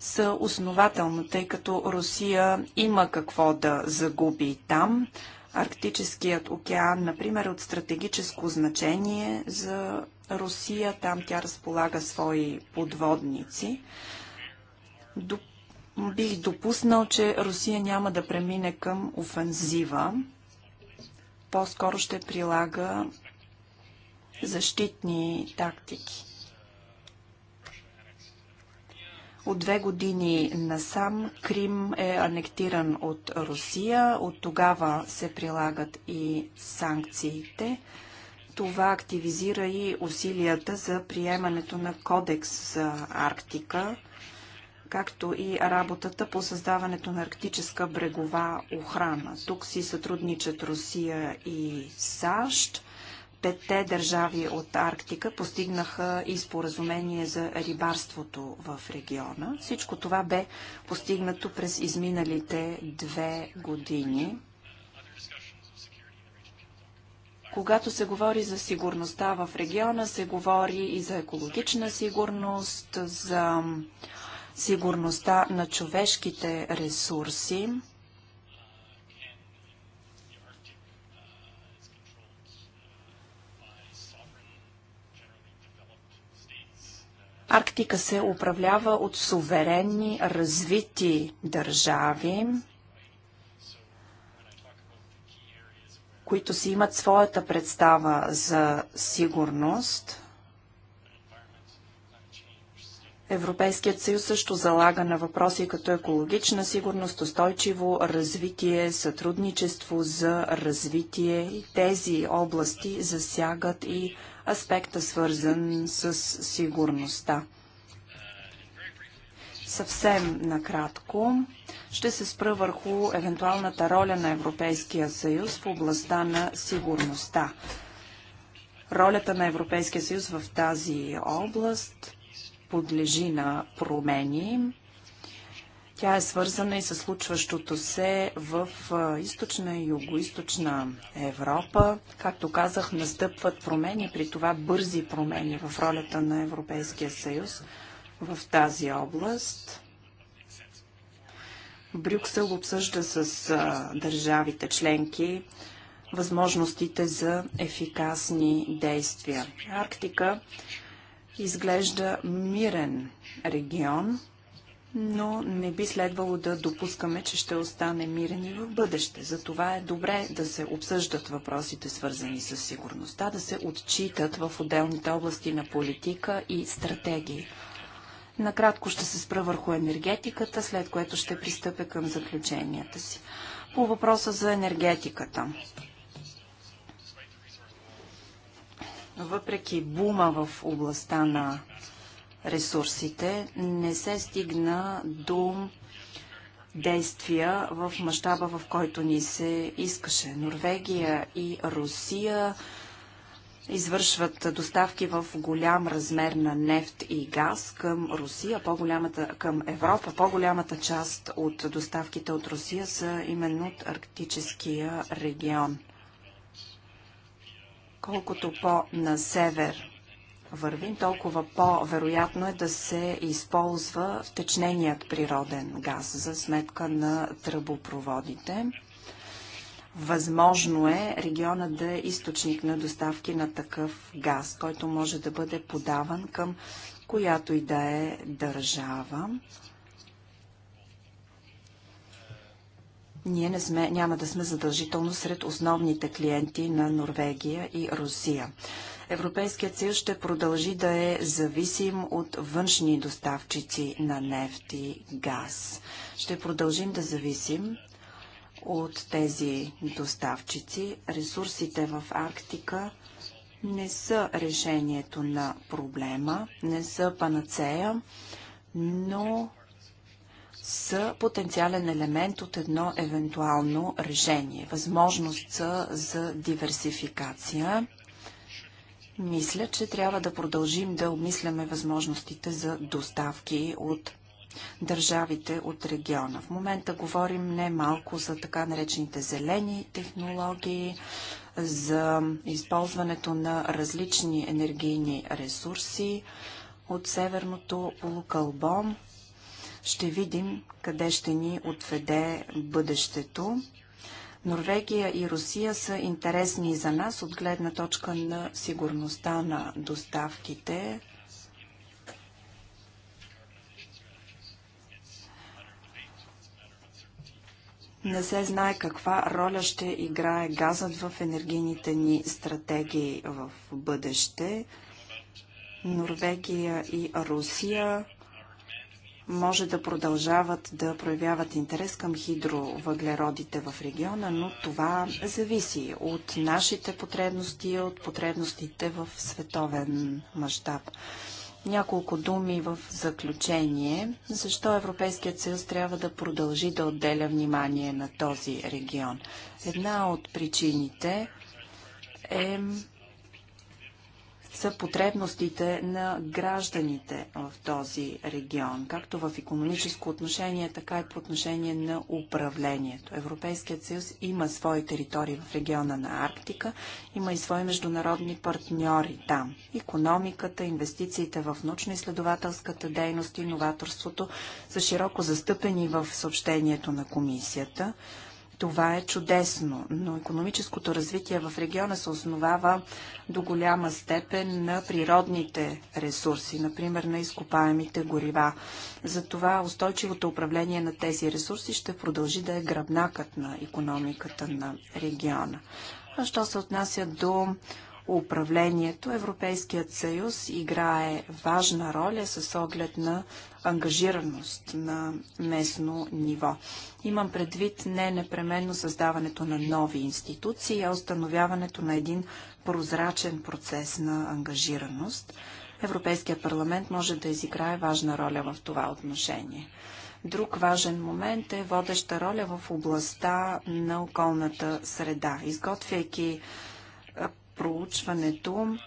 са основателно, тъй като Русия има какво да загуби там. Арктическият океан, например, е от стратегическо значение за Русия. Там тя разполага свои подводници. Доп... Бих допуснал, че Русия няма да премине към офензива. По-скоро ще прилага защитни тактики. От две години насам Крим е анектиран от Русия. От тогава се прилагат и санкциите. Това активизира и усилията за приемането на кодекс за Арктика, както и работата по създаването на арктическа брегова охрана. Тук си сътрудничат Русия и САЩ петте държави от Арктика постигнаха и споразумение за рибарството в региона. Всичко това бе постигнато през изминалите две години. Когато се говори за сигурността в региона, се говори и за екологична сигурност, за сигурността на човешките ресурси. Арктика се управлява от суверенни, развити държави, които си имат своята представа за сигурност. Европейският съюз също залага на въпроси като екологична сигурност, устойчиво развитие, сътрудничество за развитие. Тези области засягат и аспекта, свързан с сигурността. Съвсем накратко ще се спра върху евентуалната роля на Европейския съюз в областта на сигурността. Ролята на Европейския съюз в тази област подлежи на промени. Тя е свързана и с случващото се в източна и югоисточна Европа. Както казах, настъпват промени, при това бързи промени в ролята на Европейския съюз в тази област. Брюксел обсъжда с държавите членки възможностите за ефикасни действия. Арктика изглежда мирен регион, но не би следвало да допускаме, че ще остане мирен и в бъдеще. Затова е добре да се обсъждат въпросите, свързани с сигурността, да се отчитат в отделните области на политика и стратегии. Накратко ще се спра върху енергетиката, след което ще пристъпя към заключенията си. По въпроса за енергетиката. Въпреки бума в областта на ресурсите, не се стигна до действия в мащаба, в който ни се искаше. Норвегия и Русия извършват доставки в голям размер на нефт и газ към Русия, по-голямата към Европа. По-голямата част от доставките от Русия са именно от арктическия регион. Колкото по-на север вървим, толкова по-вероятно е да се използва втечненият природен газ за сметка на тръбопроводите. Възможно е региона да е източник на доставки на такъв газ, който може да бъде подаван към която и да е държава. ние не сме, няма да сме задължително сред основните клиенти на Норвегия и Русия. Европейският съюз ще продължи да е зависим от външни доставчици на нефт и газ. Ще продължим да зависим от тези доставчици. Ресурсите в Арктика не са решението на проблема, не са панацея, но са потенциален елемент от едно евентуално решение. Възможност за диверсификация. Мисля, че трябва да продължим да обмисляме възможностите за доставки от държавите от региона. В момента говорим не малко за така наречените зелени технологии, за използването на различни енергийни ресурси от северното полукълбом. Ще видим къде ще ни отведе бъдещето. Норвегия и Русия са интересни за нас от гледна точка на сигурността на доставките. Не се знае каква роля ще играе газът в енергийните ни стратегии в бъдеще. Норвегия и Русия може да продължават да проявяват интерес към хидровъглеродите в региона, но това зависи от нашите потребности, от потребностите в световен мащаб. Няколко думи в заключение. Защо Европейският съюз трябва да продължи да отделя внимание на този регион? Една от причините е са потребностите на гражданите в този регион, както в економическо отношение, така и по отношение на управлението. Европейският съюз има свои територии в региона на Арктика, има и свои международни партньори там. Економиката, инвестициите в научно-изследователската дейност и новаторството са широко застъпени в съобщението на комисията. Това е чудесно, но економическото развитие в региона се основава до голяма степен на природните ресурси, например на изкопаемите горива. Затова устойчивото управление на тези ресурси ще продължи да е гръбнакът на економиката на региона. А що се отнася до управлението, Европейският съюз играе важна роля с оглед на ангажираност на местно ниво. Имам предвид не непременно създаването на нови институции, а установяването на един прозрачен процес на ангажираност. Европейския парламент може да изиграе важна роля в това отношение. Друг важен момент е водеща роля в областта на околната среда. Изготвяйки проучването,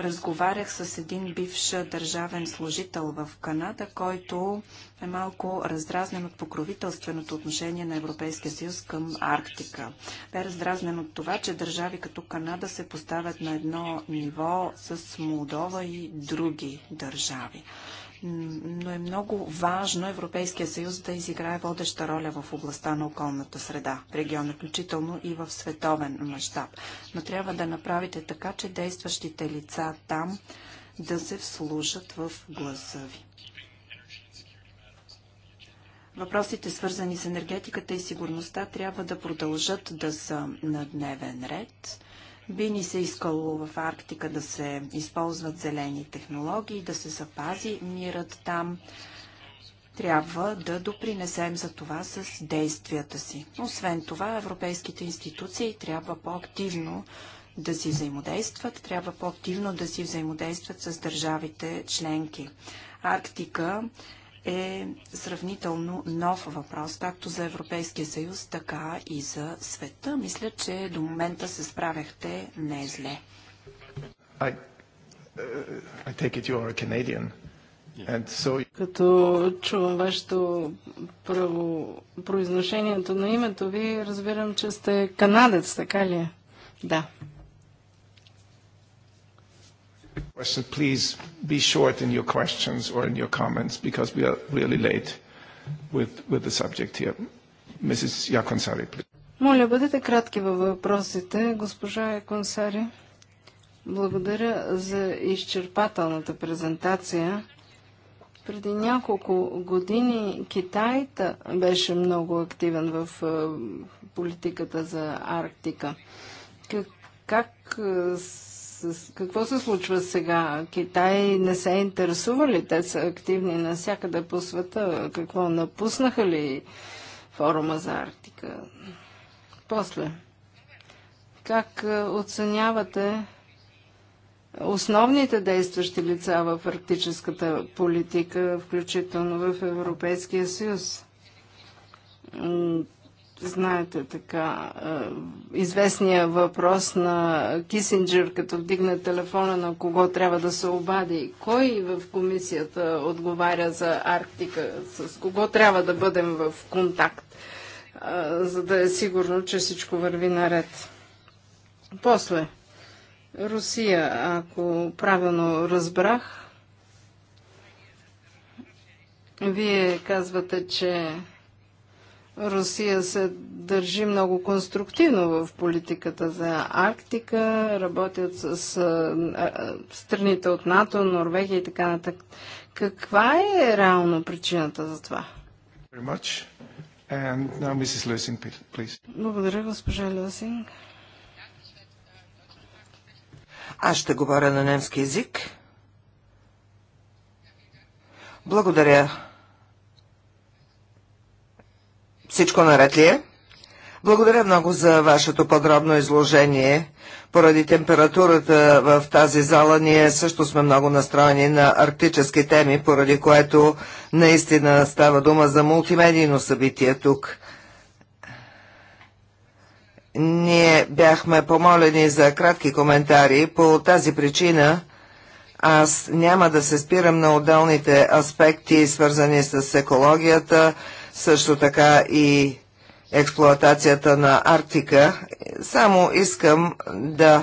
Разговарях с един бивш държавен служител в Канада, който е малко раздразнен от покровителственото отношение на Европейския съюз към Арктика. Бе раздразнен от това, че държави като Канада се поставят на едно ниво с Молдова и други държави но е много важно Европейския съюз да изиграе водеща роля в областта на околната среда в региона, включително и в световен мащаб. Но трябва да направите така, че действащите лица там да се вслушат в гласа ви. Въпросите, свързани с енергетиката и сигурността, трябва да продължат да са на дневен ред. Би ни се искало в Арктика да се използват зелени технологии, да се запази мирът там. Трябва да допринесем за това с действията си. Освен това, европейските институции трябва по-активно да си взаимодействат, трябва по-активно да си взаимодействат с държавите членки. Арктика е сравнително нов въпрос, както за Европейския съюз, така и за света. Мисля, че до момента се справяхте не зле. Uh, Като чувам вашето право, произношението на името ви, разбирам, че сте канадец, така ли е? Да. question, please be short in your questions or in your comments because we are really late with, with the subject here. Mrs. Яконсари, please. Моля, бъдете кратки във въпросите, госпожа Яконсари. Благодаря за изчерпателната презентация. Преди няколко години Китай беше много активен в е, политиката за Арктика. Как, как е, какво се случва сега? Китай не се интересува ли? Те са активни навсякъде по света. Какво напуснаха ли форума за Арктика? После. Как оценявате основните действащи лица в арктическата политика, включително в Европейския съюз? знаете така, е, известния въпрос на Кисинджер, като вдигне телефона на кого трябва да се обади. Кой в комисията отговаря за Арктика? С кого трябва да бъдем в контакт, е, за да е сигурно, че всичко върви наред? После, Русия, ако правилно разбрах, вие казвате, че Русия се държи много конструктивно в политиката за Арктика, работят с, а, страните от НАТО, Норвегия и така нататък. Каква е реално причината за това? Благодаря, госпожа Лесинг. Аз ще говоря на немски язик. Благодаря всичко наред ли е? Благодаря много за вашето подробно изложение. Поради температурата в тази зала ние също сме много настроени на арктически теми, поради което наистина става дума за мултимедийно събитие тук. Ние бяхме помолени за кратки коментари. По тази причина аз няма да се спирам на отделните аспекти, свързани с екологията, също така и експлоатацията на Арктика. Само искам да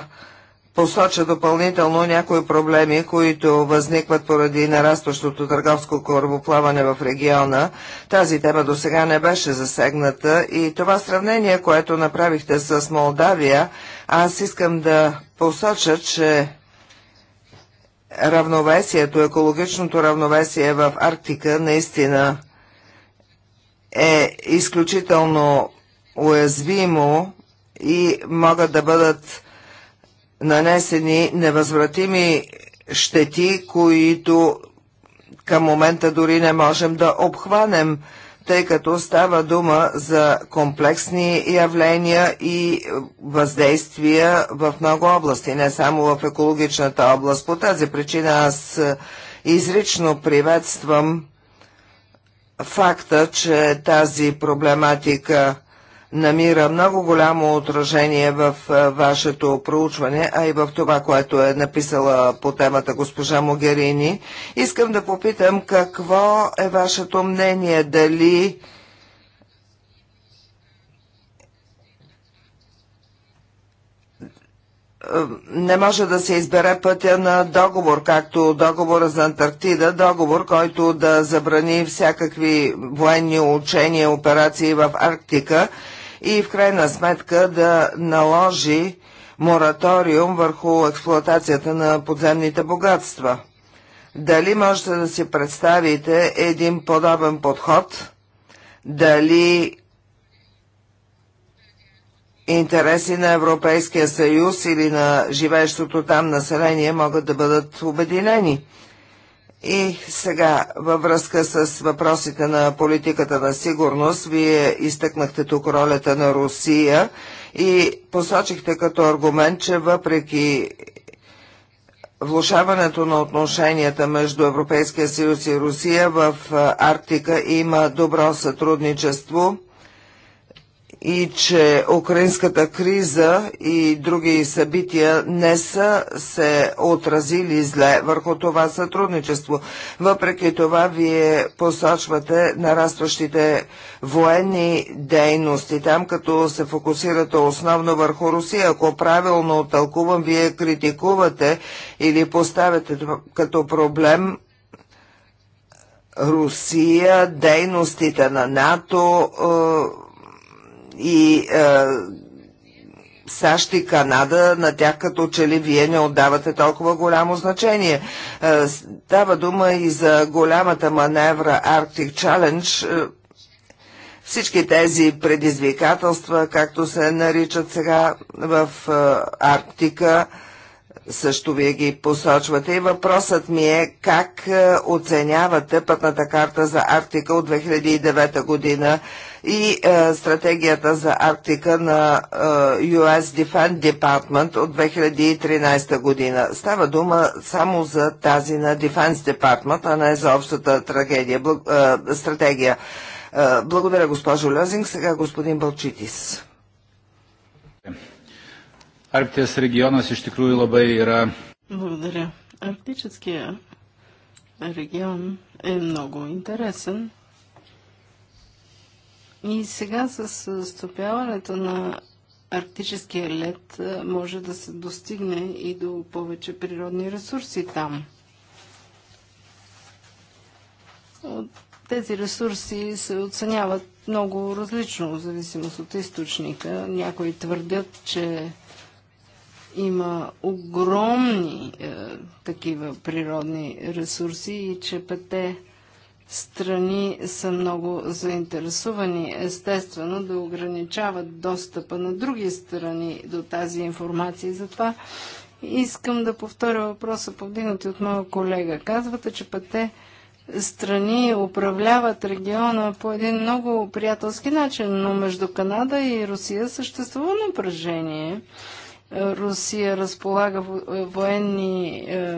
посоча допълнително някои проблеми, които възникват поради нарастващото търговско корабоплаване в региона. Тази тема до сега не беше засегната и това сравнение, което направихте с Молдавия, аз искам да посоча, че равновесието, екологичното равновесие в Арктика наистина – е изключително уязвимо и могат да бъдат нанесени невъзвратими щети, които към момента дори не можем да обхванем, тъй като става дума за комплексни явления и въздействия в много области, не само в екологичната област. По тази причина аз е, изрично приветствам факта, че тази проблематика намира много голямо отражение в вашето проучване, а и в това, което е написала по темата госпожа Могерини. Искам да попитам какво е вашето мнение, дали не може да се избере пътя на договор, както договора за Антарктида, договор, който да забрани всякакви военни учения, операции в Арктика и в крайна сметка да наложи мораториум върху експлуатацията на подземните богатства. Дали можете да си представите един подобен подход? Дали интереси на Европейския съюз или на живеещото там население могат да бъдат обединени. И сега, във връзка с въпросите на политиката на сигурност, вие изтъкнахте тук ролята на Русия и посочихте като аргумент, че въпреки влушаването на отношенията между Европейския съюз и Русия в Арктика има добро сътрудничество – и че украинската криза и други събития не са се отразили зле върху това сътрудничество. Въпреки това, вие посочвате нарастващите военни дейности там, като се фокусирате основно върху Русия. Ако правилно тълкувам, вие критикувате или поставяте като проблем Русия, дейностите на НАТО, е, и е, САЩ и Канада, на тях като че ли вие не отдавате толкова голямо значение. Е, дава дума и за голямата маневра Arctic Challenge. Е, всички тези предизвикателства, както се наричат сега в е, Арктика, също вие ги посочвате. И въпросът ми е как е, оценявате пътната карта за Арктика от 2009 година и а, е, стратегията за Арктика на а, е, US Defense Department от 2013 година. Става дума само за тази на Defense Department, а не за общата трагедия, бл- а, е, стратегия. А, благодаря, госпожо Лозинг. Сега господин Балчитис. Арктия Арктijos регионът iš tikrųjų labai yra. Благодаря. Арктическия регион е много интересен. И сега с стопяването на арктическия лед може да се достигне и до повече природни ресурси там. От тези ресурси се оценяват много различно, в зависимост от източника. Някои твърдят, че има огромни е, такива природни ресурси и че пете страни са много заинтересувани, естествено, да ограничават достъпа на други страни до тази информация. И затова искам да повторя въпроса, повдигнати от моя колега. Казвате, че пъте страни управляват региона по един много приятелски начин, но между Канада и Русия съществува напрежение. Русия разполага военни е,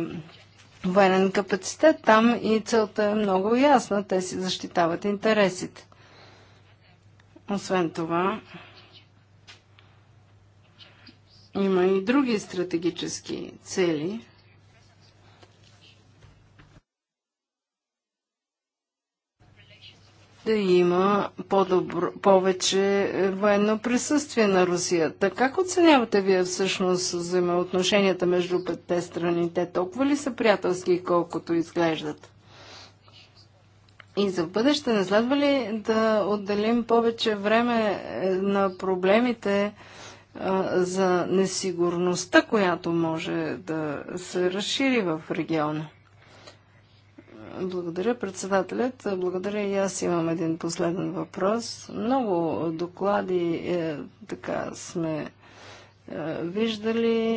военен капацитет там и целта е много ясна. Те си защитават интересите. Освен това, има и други стратегически цели – Да има повече е, военно присъствие на Русия. Така как оценявате вие всъщност взаимоотношенията между петте страни? Те толкова ли са приятелски, колкото изглеждат? И за бъдеще не следва ли да отделим повече време е, на проблемите а, е, за несигурността, която може да се разшири в региона? Благодаря, председателят. Благодаря и аз имам един последен въпрос. Много доклади е, така сме е, виждали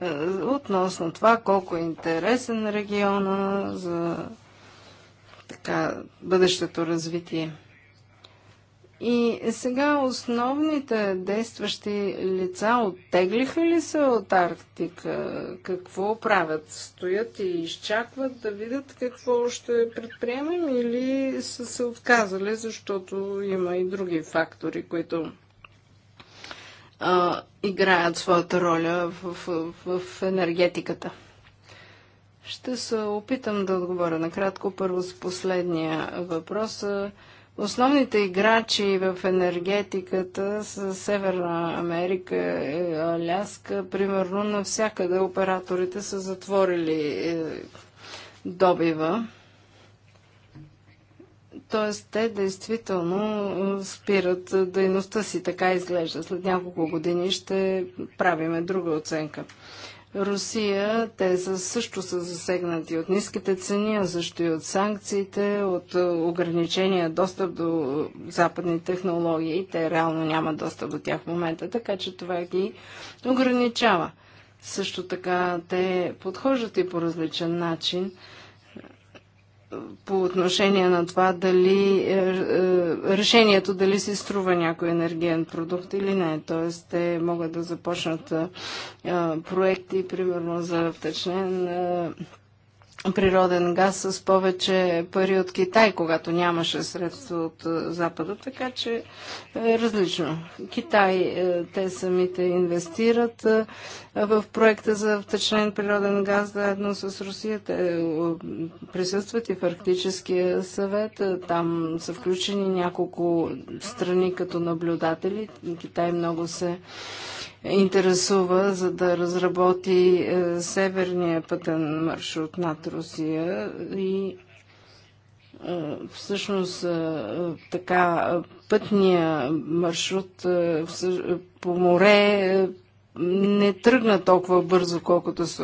е, относно това колко е интересен региона за така бъдещето развитие. И сега основните действащи лица оттеглиха ли се от Арктика? Какво правят? Стоят и изчакват да видят какво ще предприемем или са се отказали, защото има и други фактори, които а, играят своята роля в, в, в енергетиката. Ще се опитам да отговоря накратко първо с последния въпрос. Основните играчи в енергетиката са Северна Америка, Аляска, примерно навсякъде операторите са затворили е, добива. Тоест, те действително е, спират дейността си, така изглежда. След няколко години ще правиме друга оценка. Русия, те са, също са засегнати от ниските цени, а също и от санкциите, от ограничения достъп до западни технологии. Те реално нямат достъп до тях в момента, така че това ги ограничава. Също така те подхождат и по различен начин по отношение на това дали е, е, решението дали си струва някой енергиен продукт или не. Тоест, те могат да започнат е, проекти, примерно за втечнен природен газ с повече пари от Китай, когато нямаше средства от е, Запада, така че е различно. Китай, е, те самите инвестират е, в проекта за втечнен природен газ заедно с Русия. Те присъстват и в Арктическия съвет. Там са включени няколко страни като наблюдатели. Китай много се интересува, за да разработи е, северния пътен маршрут над Русия и е, всъщност е, така пътния маршрут по море не тръгна толкова бързо, колкото се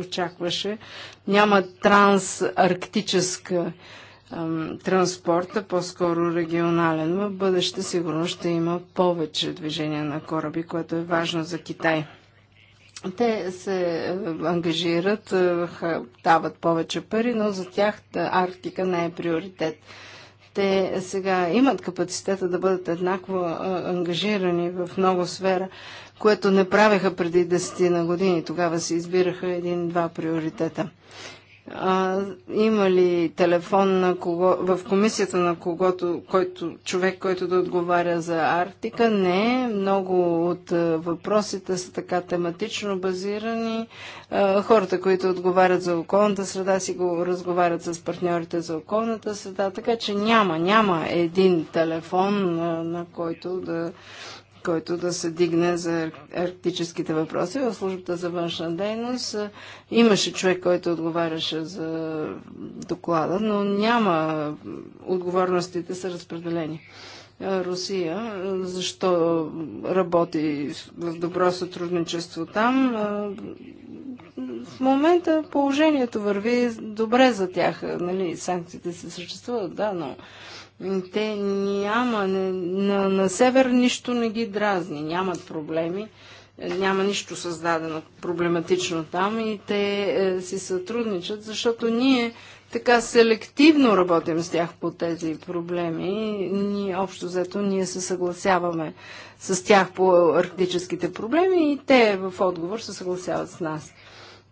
очакваше. Няма трансарктическа транспорта, по-скоро регионален. В бъдеще сигурно ще има повече движение на кораби, което е важно за Китай. Те се ангажират, дават повече пари, но за тях Арктика не е приоритет. Те сега имат капацитета да бъдат еднакво ангажирани в много сфера, което не правеха преди 10 на години. Тогава се избираха един-два приоритета а, има ли телефон на кого, в комисията на когото, който, човек, който да отговаря за Арктика? Не. Много от въпросите са така тематично базирани. А, хората, които отговарят за околната среда, си го разговарят с партньорите за околната среда, така че няма, няма един телефон, на който да който да се дигне за арктическите въпроси. В службата за външна дейност имаше човек, който отговаряше за доклада, но няма отговорностите са разпределени. Русия, защо работи в добро сътрудничество там. В момента положението върви добре за тях. Нали, санкциите се съществуват, да, но те няма, не, на, на север нищо не ги дразни, нямат проблеми, е, няма нищо създадено проблематично там и те е, си сътрудничат, защото ние така селективно работим с тях по тези проблеми. Ние, общо взето, ние се съгласяваме с тях по арктическите проблеми и те в отговор се съгласяват с нас.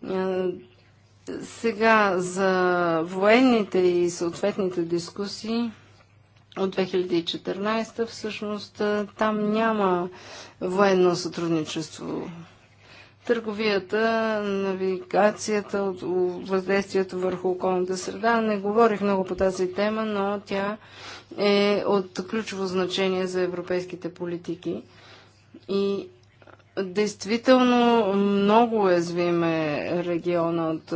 Е, сега за военните и съответните дискусии от 2014 всъщност там няма военно сътрудничество. Търговията, навигацията, въздействието върху околната среда. Не говорих много по тази тема, но тя е от ключово значение за европейските политики. И действително много уязвим е региона от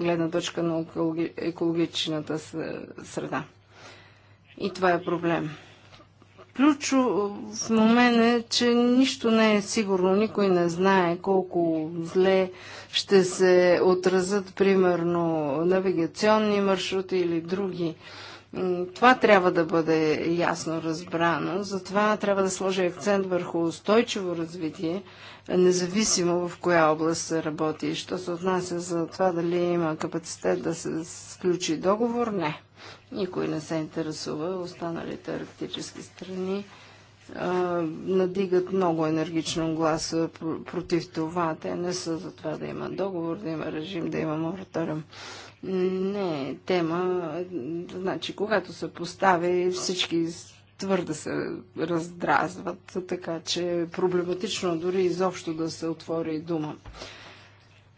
гледна точка на екологичната среда. И това е проблем. в момент е, че нищо не е сигурно, никой не знае колко зле ще се отразят, примерно, навигационни маршрути или други. Това трябва да бъде ясно разбрано, затова трябва да сложи акцент върху устойчиво развитие, независимо в коя област се работи. Що се отнася за това дали има капацитет да се сключи договор, не. Никой не се интересува. Останалите арктически страни а, надигат много енергично гласа против това. Те не са за това да има договор, да има режим, да има мораториум. Не е тема. Значи, когато се постави, всички твърде се раздразват, така че е проблематично дори изобщо да се отвори дума.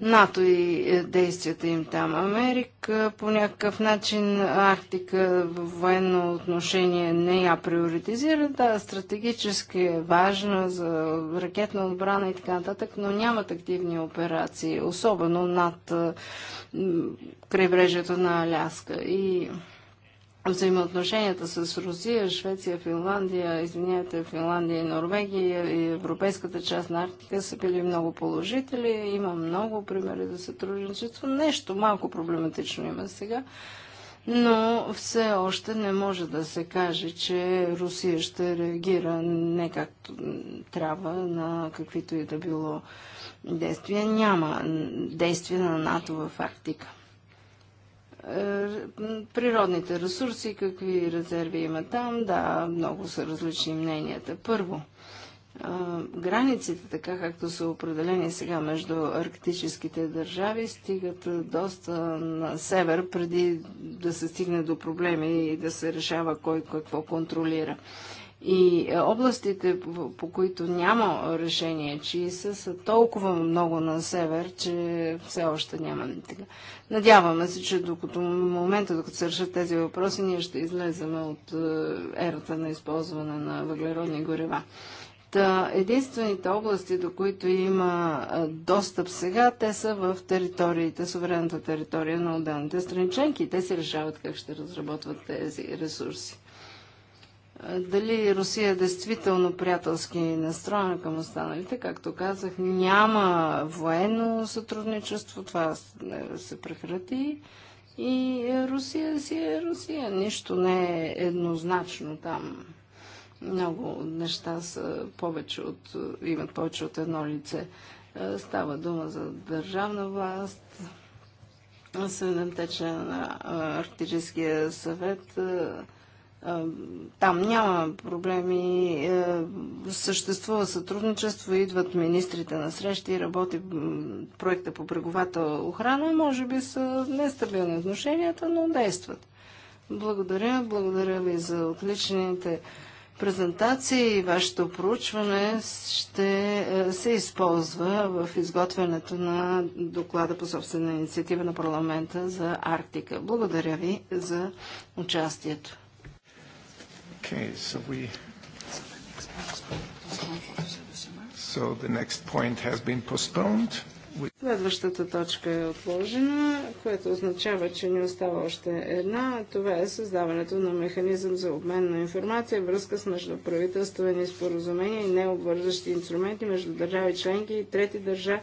НАТО и е, действията им там. Америка по някакъв начин Арктика в военно отношение не я приоритизира. Да, стратегически е важна за ракетна отбрана и така нататък, но нямат активни операции, особено над крайбрежието на Аляска. И взаимоотношенията с Русия, Швеция, Финландия, извинявайте, Финландия и Норвегия и европейската част на Арктика са били много положители. Има много примери за сътрудничество. Нещо малко проблематично има сега. Но все още не може да се каже, че Русия ще реагира не както трябва на каквито и да било действия. Няма действия на НАТО в Арктика. Е, природните ресурси, какви резерви има там. Да, много са различни мненията. Първо, е, границите, така както са определени сега между арктическите държави, стигат доста на север, преди да се стигне до проблеми и да се решава кой какво контролира. И е, областите, по които няма решение, чии са, са толкова много на север, че все още няма така. Надяваме се, че докато момента, докато се решат тези въпроси, ние ще излеземе от е, ерата на използване на въглеродни горева. Та единствените области, до които има е, достъп сега, те са в териториите, суверенната територия на отделните страни членки. Те се решават как ще разработват тези ресурси. Дали Русия е действително приятелски настроена към останалите, както казах, няма военно сътрудничество, това е, се прекрати. И Русия си е Русия, нищо не е еднозначно там. Много неща са повече от, имат повече от едно лице. Става дума за държавна власт, седемте члена на Арктическия съвет, е, там няма проблеми. Е, съществува сътрудничество, идват министрите на срещи работи проекта по бреговата охрана. Може би са нестабилни отношенията, но действат. Благодаря. Благодаря ви за отличните презентации и вашето проучване ще е, се използва в изготвянето на доклада по собствена инициатива на парламента за Арктика. Благодаря ви за участието. Okay, so we. So the next point has been postponed. Следващата точка е отложена, което означава, че ни остава още една. Това е създаването на механизъм за обмен на информация, връзка с междуправителствени споразумения и необвързващи инструменти между държави членки и трети държави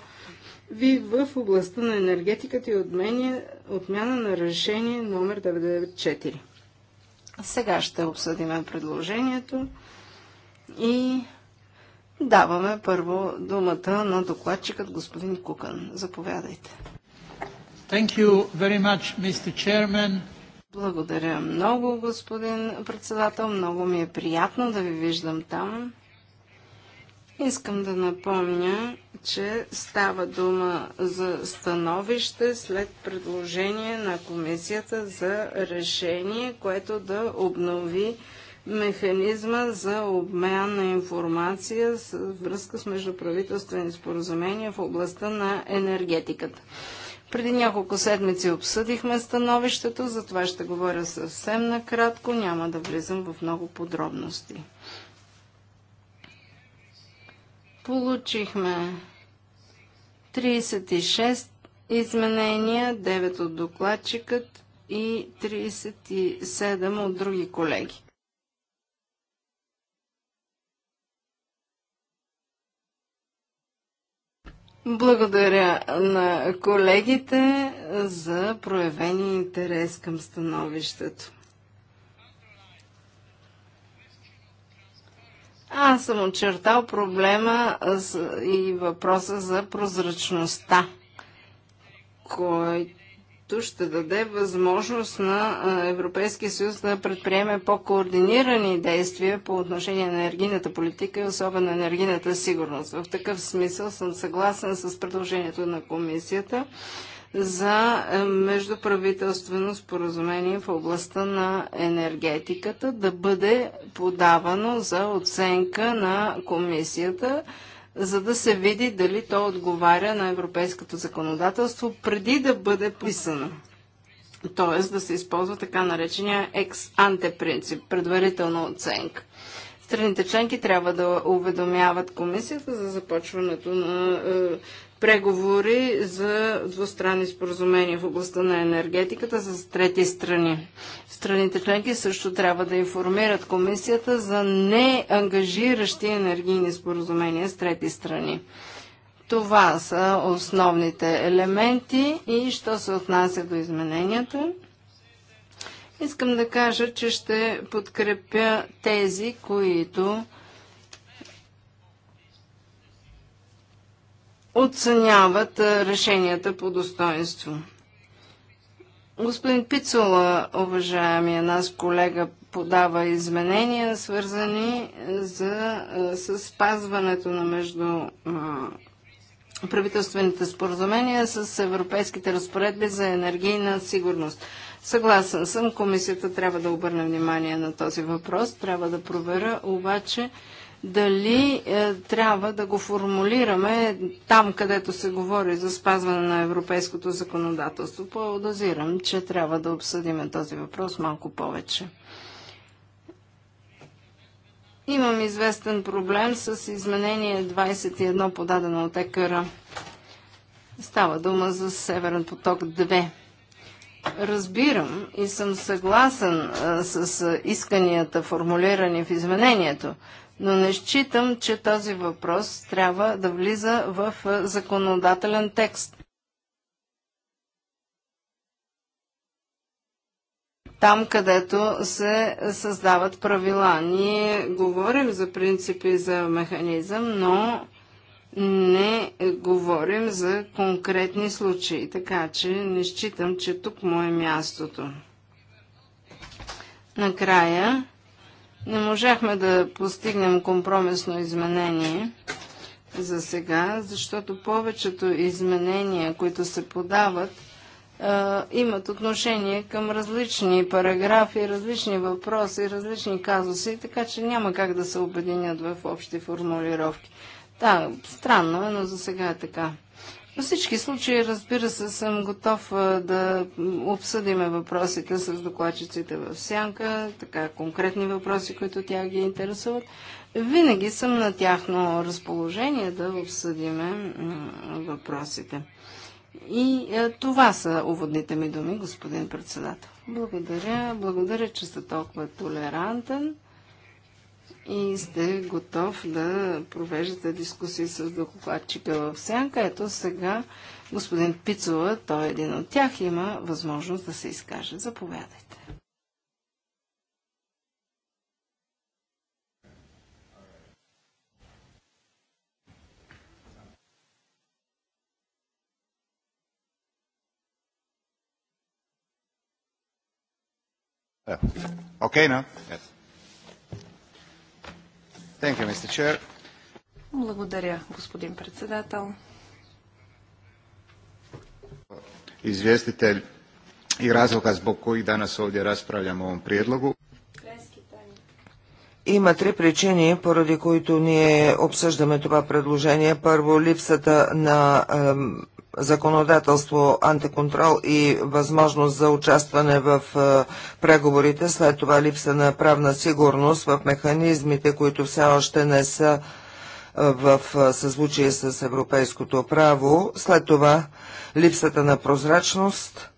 в областта на енергетиката и отмяна на решение номер 94. Сега ще обсъдим предложението и даваме първо думата на докладчикът господин Кукан. Заповядайте. Thank you very much, Mr. Chairman. Благодаря много, господин председател. Много ми е приятно да ви виждам там. Искам да напомня, че става дума за становище след предложение на комисията за решение, което да обнови механизма за обмен на информация с връзка с междуправителствени споразумения в областта на енергетиката. Преди няколко седмици обсъдихме становището, за това ще говоря съвсем накратко, няма да влизам в много подробности. Получихме 36 изменения, 9 от докладчикът и 37 от други колеги. Благодаря на колегите за проявения интерес към становището. Аз съм очертал проблема и въпроса за прозрачността, който ще даде възможност на Европейския съюз да предприеме по-координирани действия по отношение на енергийната политика и особено енергийната сигурност. В такъв смисъл съм съгласен с предложението на комисията за е, междуправителствено споразумение в областта на енергетиката да бъде подавано за оценка на комисията, за да се види дали то отговаря на европейското законодателство преди да бъде писано. Т.е. да се използва така наречения екс-анте принцип, предварителна оценка. Страните членки трябва да уведомяват комисията за започването на е, преговори за двустранни споразумения в областта на енергетиката с трети страни. Страните членки също трябва да информират комисията за неангажиращи енергийни споразумения с трети страни. Това са основните елементи и що се отнася до измененията. Искам да кажа, че ще подкрепя тези, които оценяват решенията по достоинство. Господин Пицола, уважаемия нас колега, подава изменения, свързани за, с спазването на между правителствените споразумения с европейските разпоредби за енергийна сигурност. Съгласен съм, комисията трябва да обърне внимание на този въпрос. Трябва да проверя обаче дали е, трябва да го формулираме там, където се говори за спазване на европейското законодателство. Подозирам, че трябва да обсъдим този въпрос малко повече. Имам известен проблем с изменение 21, подадено от ЕКР. Става дума за Северен поток 2. Разбирам и съм съгласен а, е, с е, исканията, формулирани в изменението, но не считам, че този въпрос трябва да влиза в законодателен текст. Там, където се създават правила. Ние говорим за принципи за механизъм, но не говорим за конкретни случаи, така че не считам, че тук му е мястото. Накрая, не можахме да постигнем компромисно изменение за сега, защото повечето изменения, които се подават, имат отношение към различни параграфи, различни въпроси, различни казуси, така че няма как да се обединят в общи формулировки. Да, странно е, но за сега е така. Във всички случаи, разбира се, съм готов да обсъдиме въпросите с докладчиците в сянка, така конкретни въпроси, които тя ги интересуват. Винаги съм на тяхно разположение да обсъдиме въпросите. И е, това са уводните ми думи, господин председател. Благодаря, благодаря, че сте толкова толерантен и сте готов да провеждате дискусии с докладчика в сянка. Ето сега господин Пицова, той е един от тях, има възможност да се изкаже. Заповядайте. Okay, now. Yes. Thank you, Mr. Chair. Благодаря, господин председател. Известитель i razloga zbog кои danas ovdje raspravljamo o ovom prijedlogu. Има три причини, поради които ние обсъждаме това предложение. Първо, липсата на законодателство, антиконтрол и възможност за участване в е, преговорите, след това липса на правна сигурност в механизмите, които все още не са е, в е, съзвучие с европейското право, след това липсата на прозрачност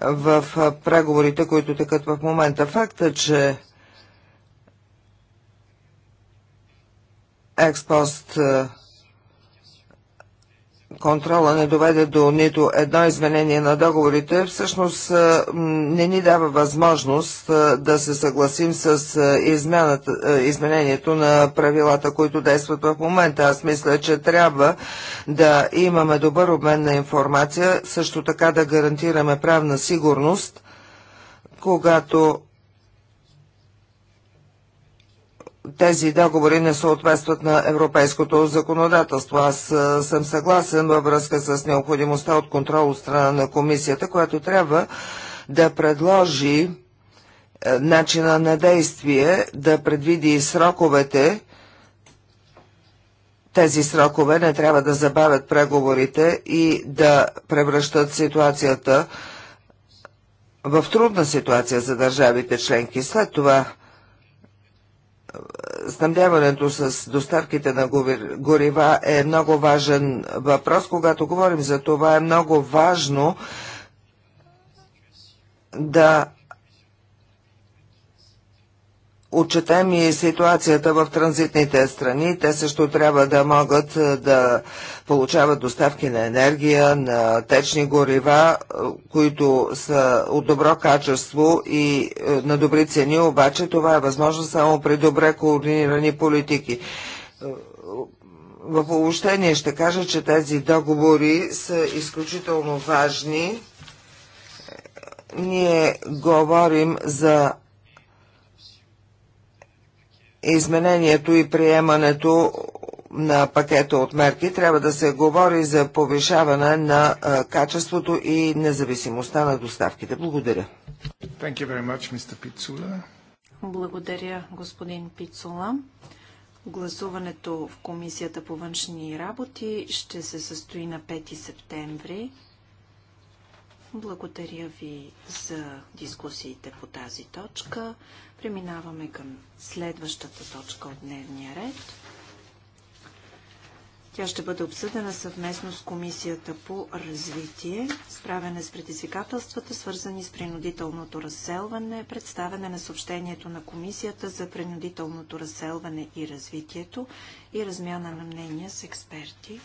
в преговорите, които текат в момента. Факта, че експост контрола не доведе до нито едно изменение на договорите, всъщност не ни дава възможност да се съгласим с изменението на правилата, които действат в момента. Аз мисля, че трябва да имаме добър обмен на информация, също така да гарантираме правна сигурност, когато тези договори не съответстват на европейското законодателство. Аз съм съгласен във връзка с необходимостта от контрол от страна на комисията, която трябва да предложи е, начина на действие, да предвиди сроковете. Тези срокове не трябва да забавят преговорите и да превръщат ситуацията в трудна ситуация за държавите членки. След това снабдяването с доставките на горива е много важен въпрос. Когато говорим за това, е много важно да отчетем и ситуацията в транзитните страни. Те също трябва да могат е, да получават доставки на енергия, на течни горива, е, които са от добро качество и е, на добри цени, обаче това е възможно само при добре координирани политики. В обобщение ще кажа, че тези договори са изключително важни. Ние говорим за изменението и приемането на пакета от мерки трябва да се говори за повишаване на качеството и независимостта на доставките. Благодаря. Much, Благодаря, господин Пицула. Гласуването в Комисията по външни работи ще се състои на 5 септември. Благодаря ви за дискусиите по тази точка. Преминаваме към следващата точка от дневния ред. Тя ще бъде обсъдена съвместно с Комисията по развитие, справяне с предизвикателствата, свързани с принудителното разселване, представяне на съобщението на Комисията за принудителното разселване и развитието и размяна на мнения с експерти.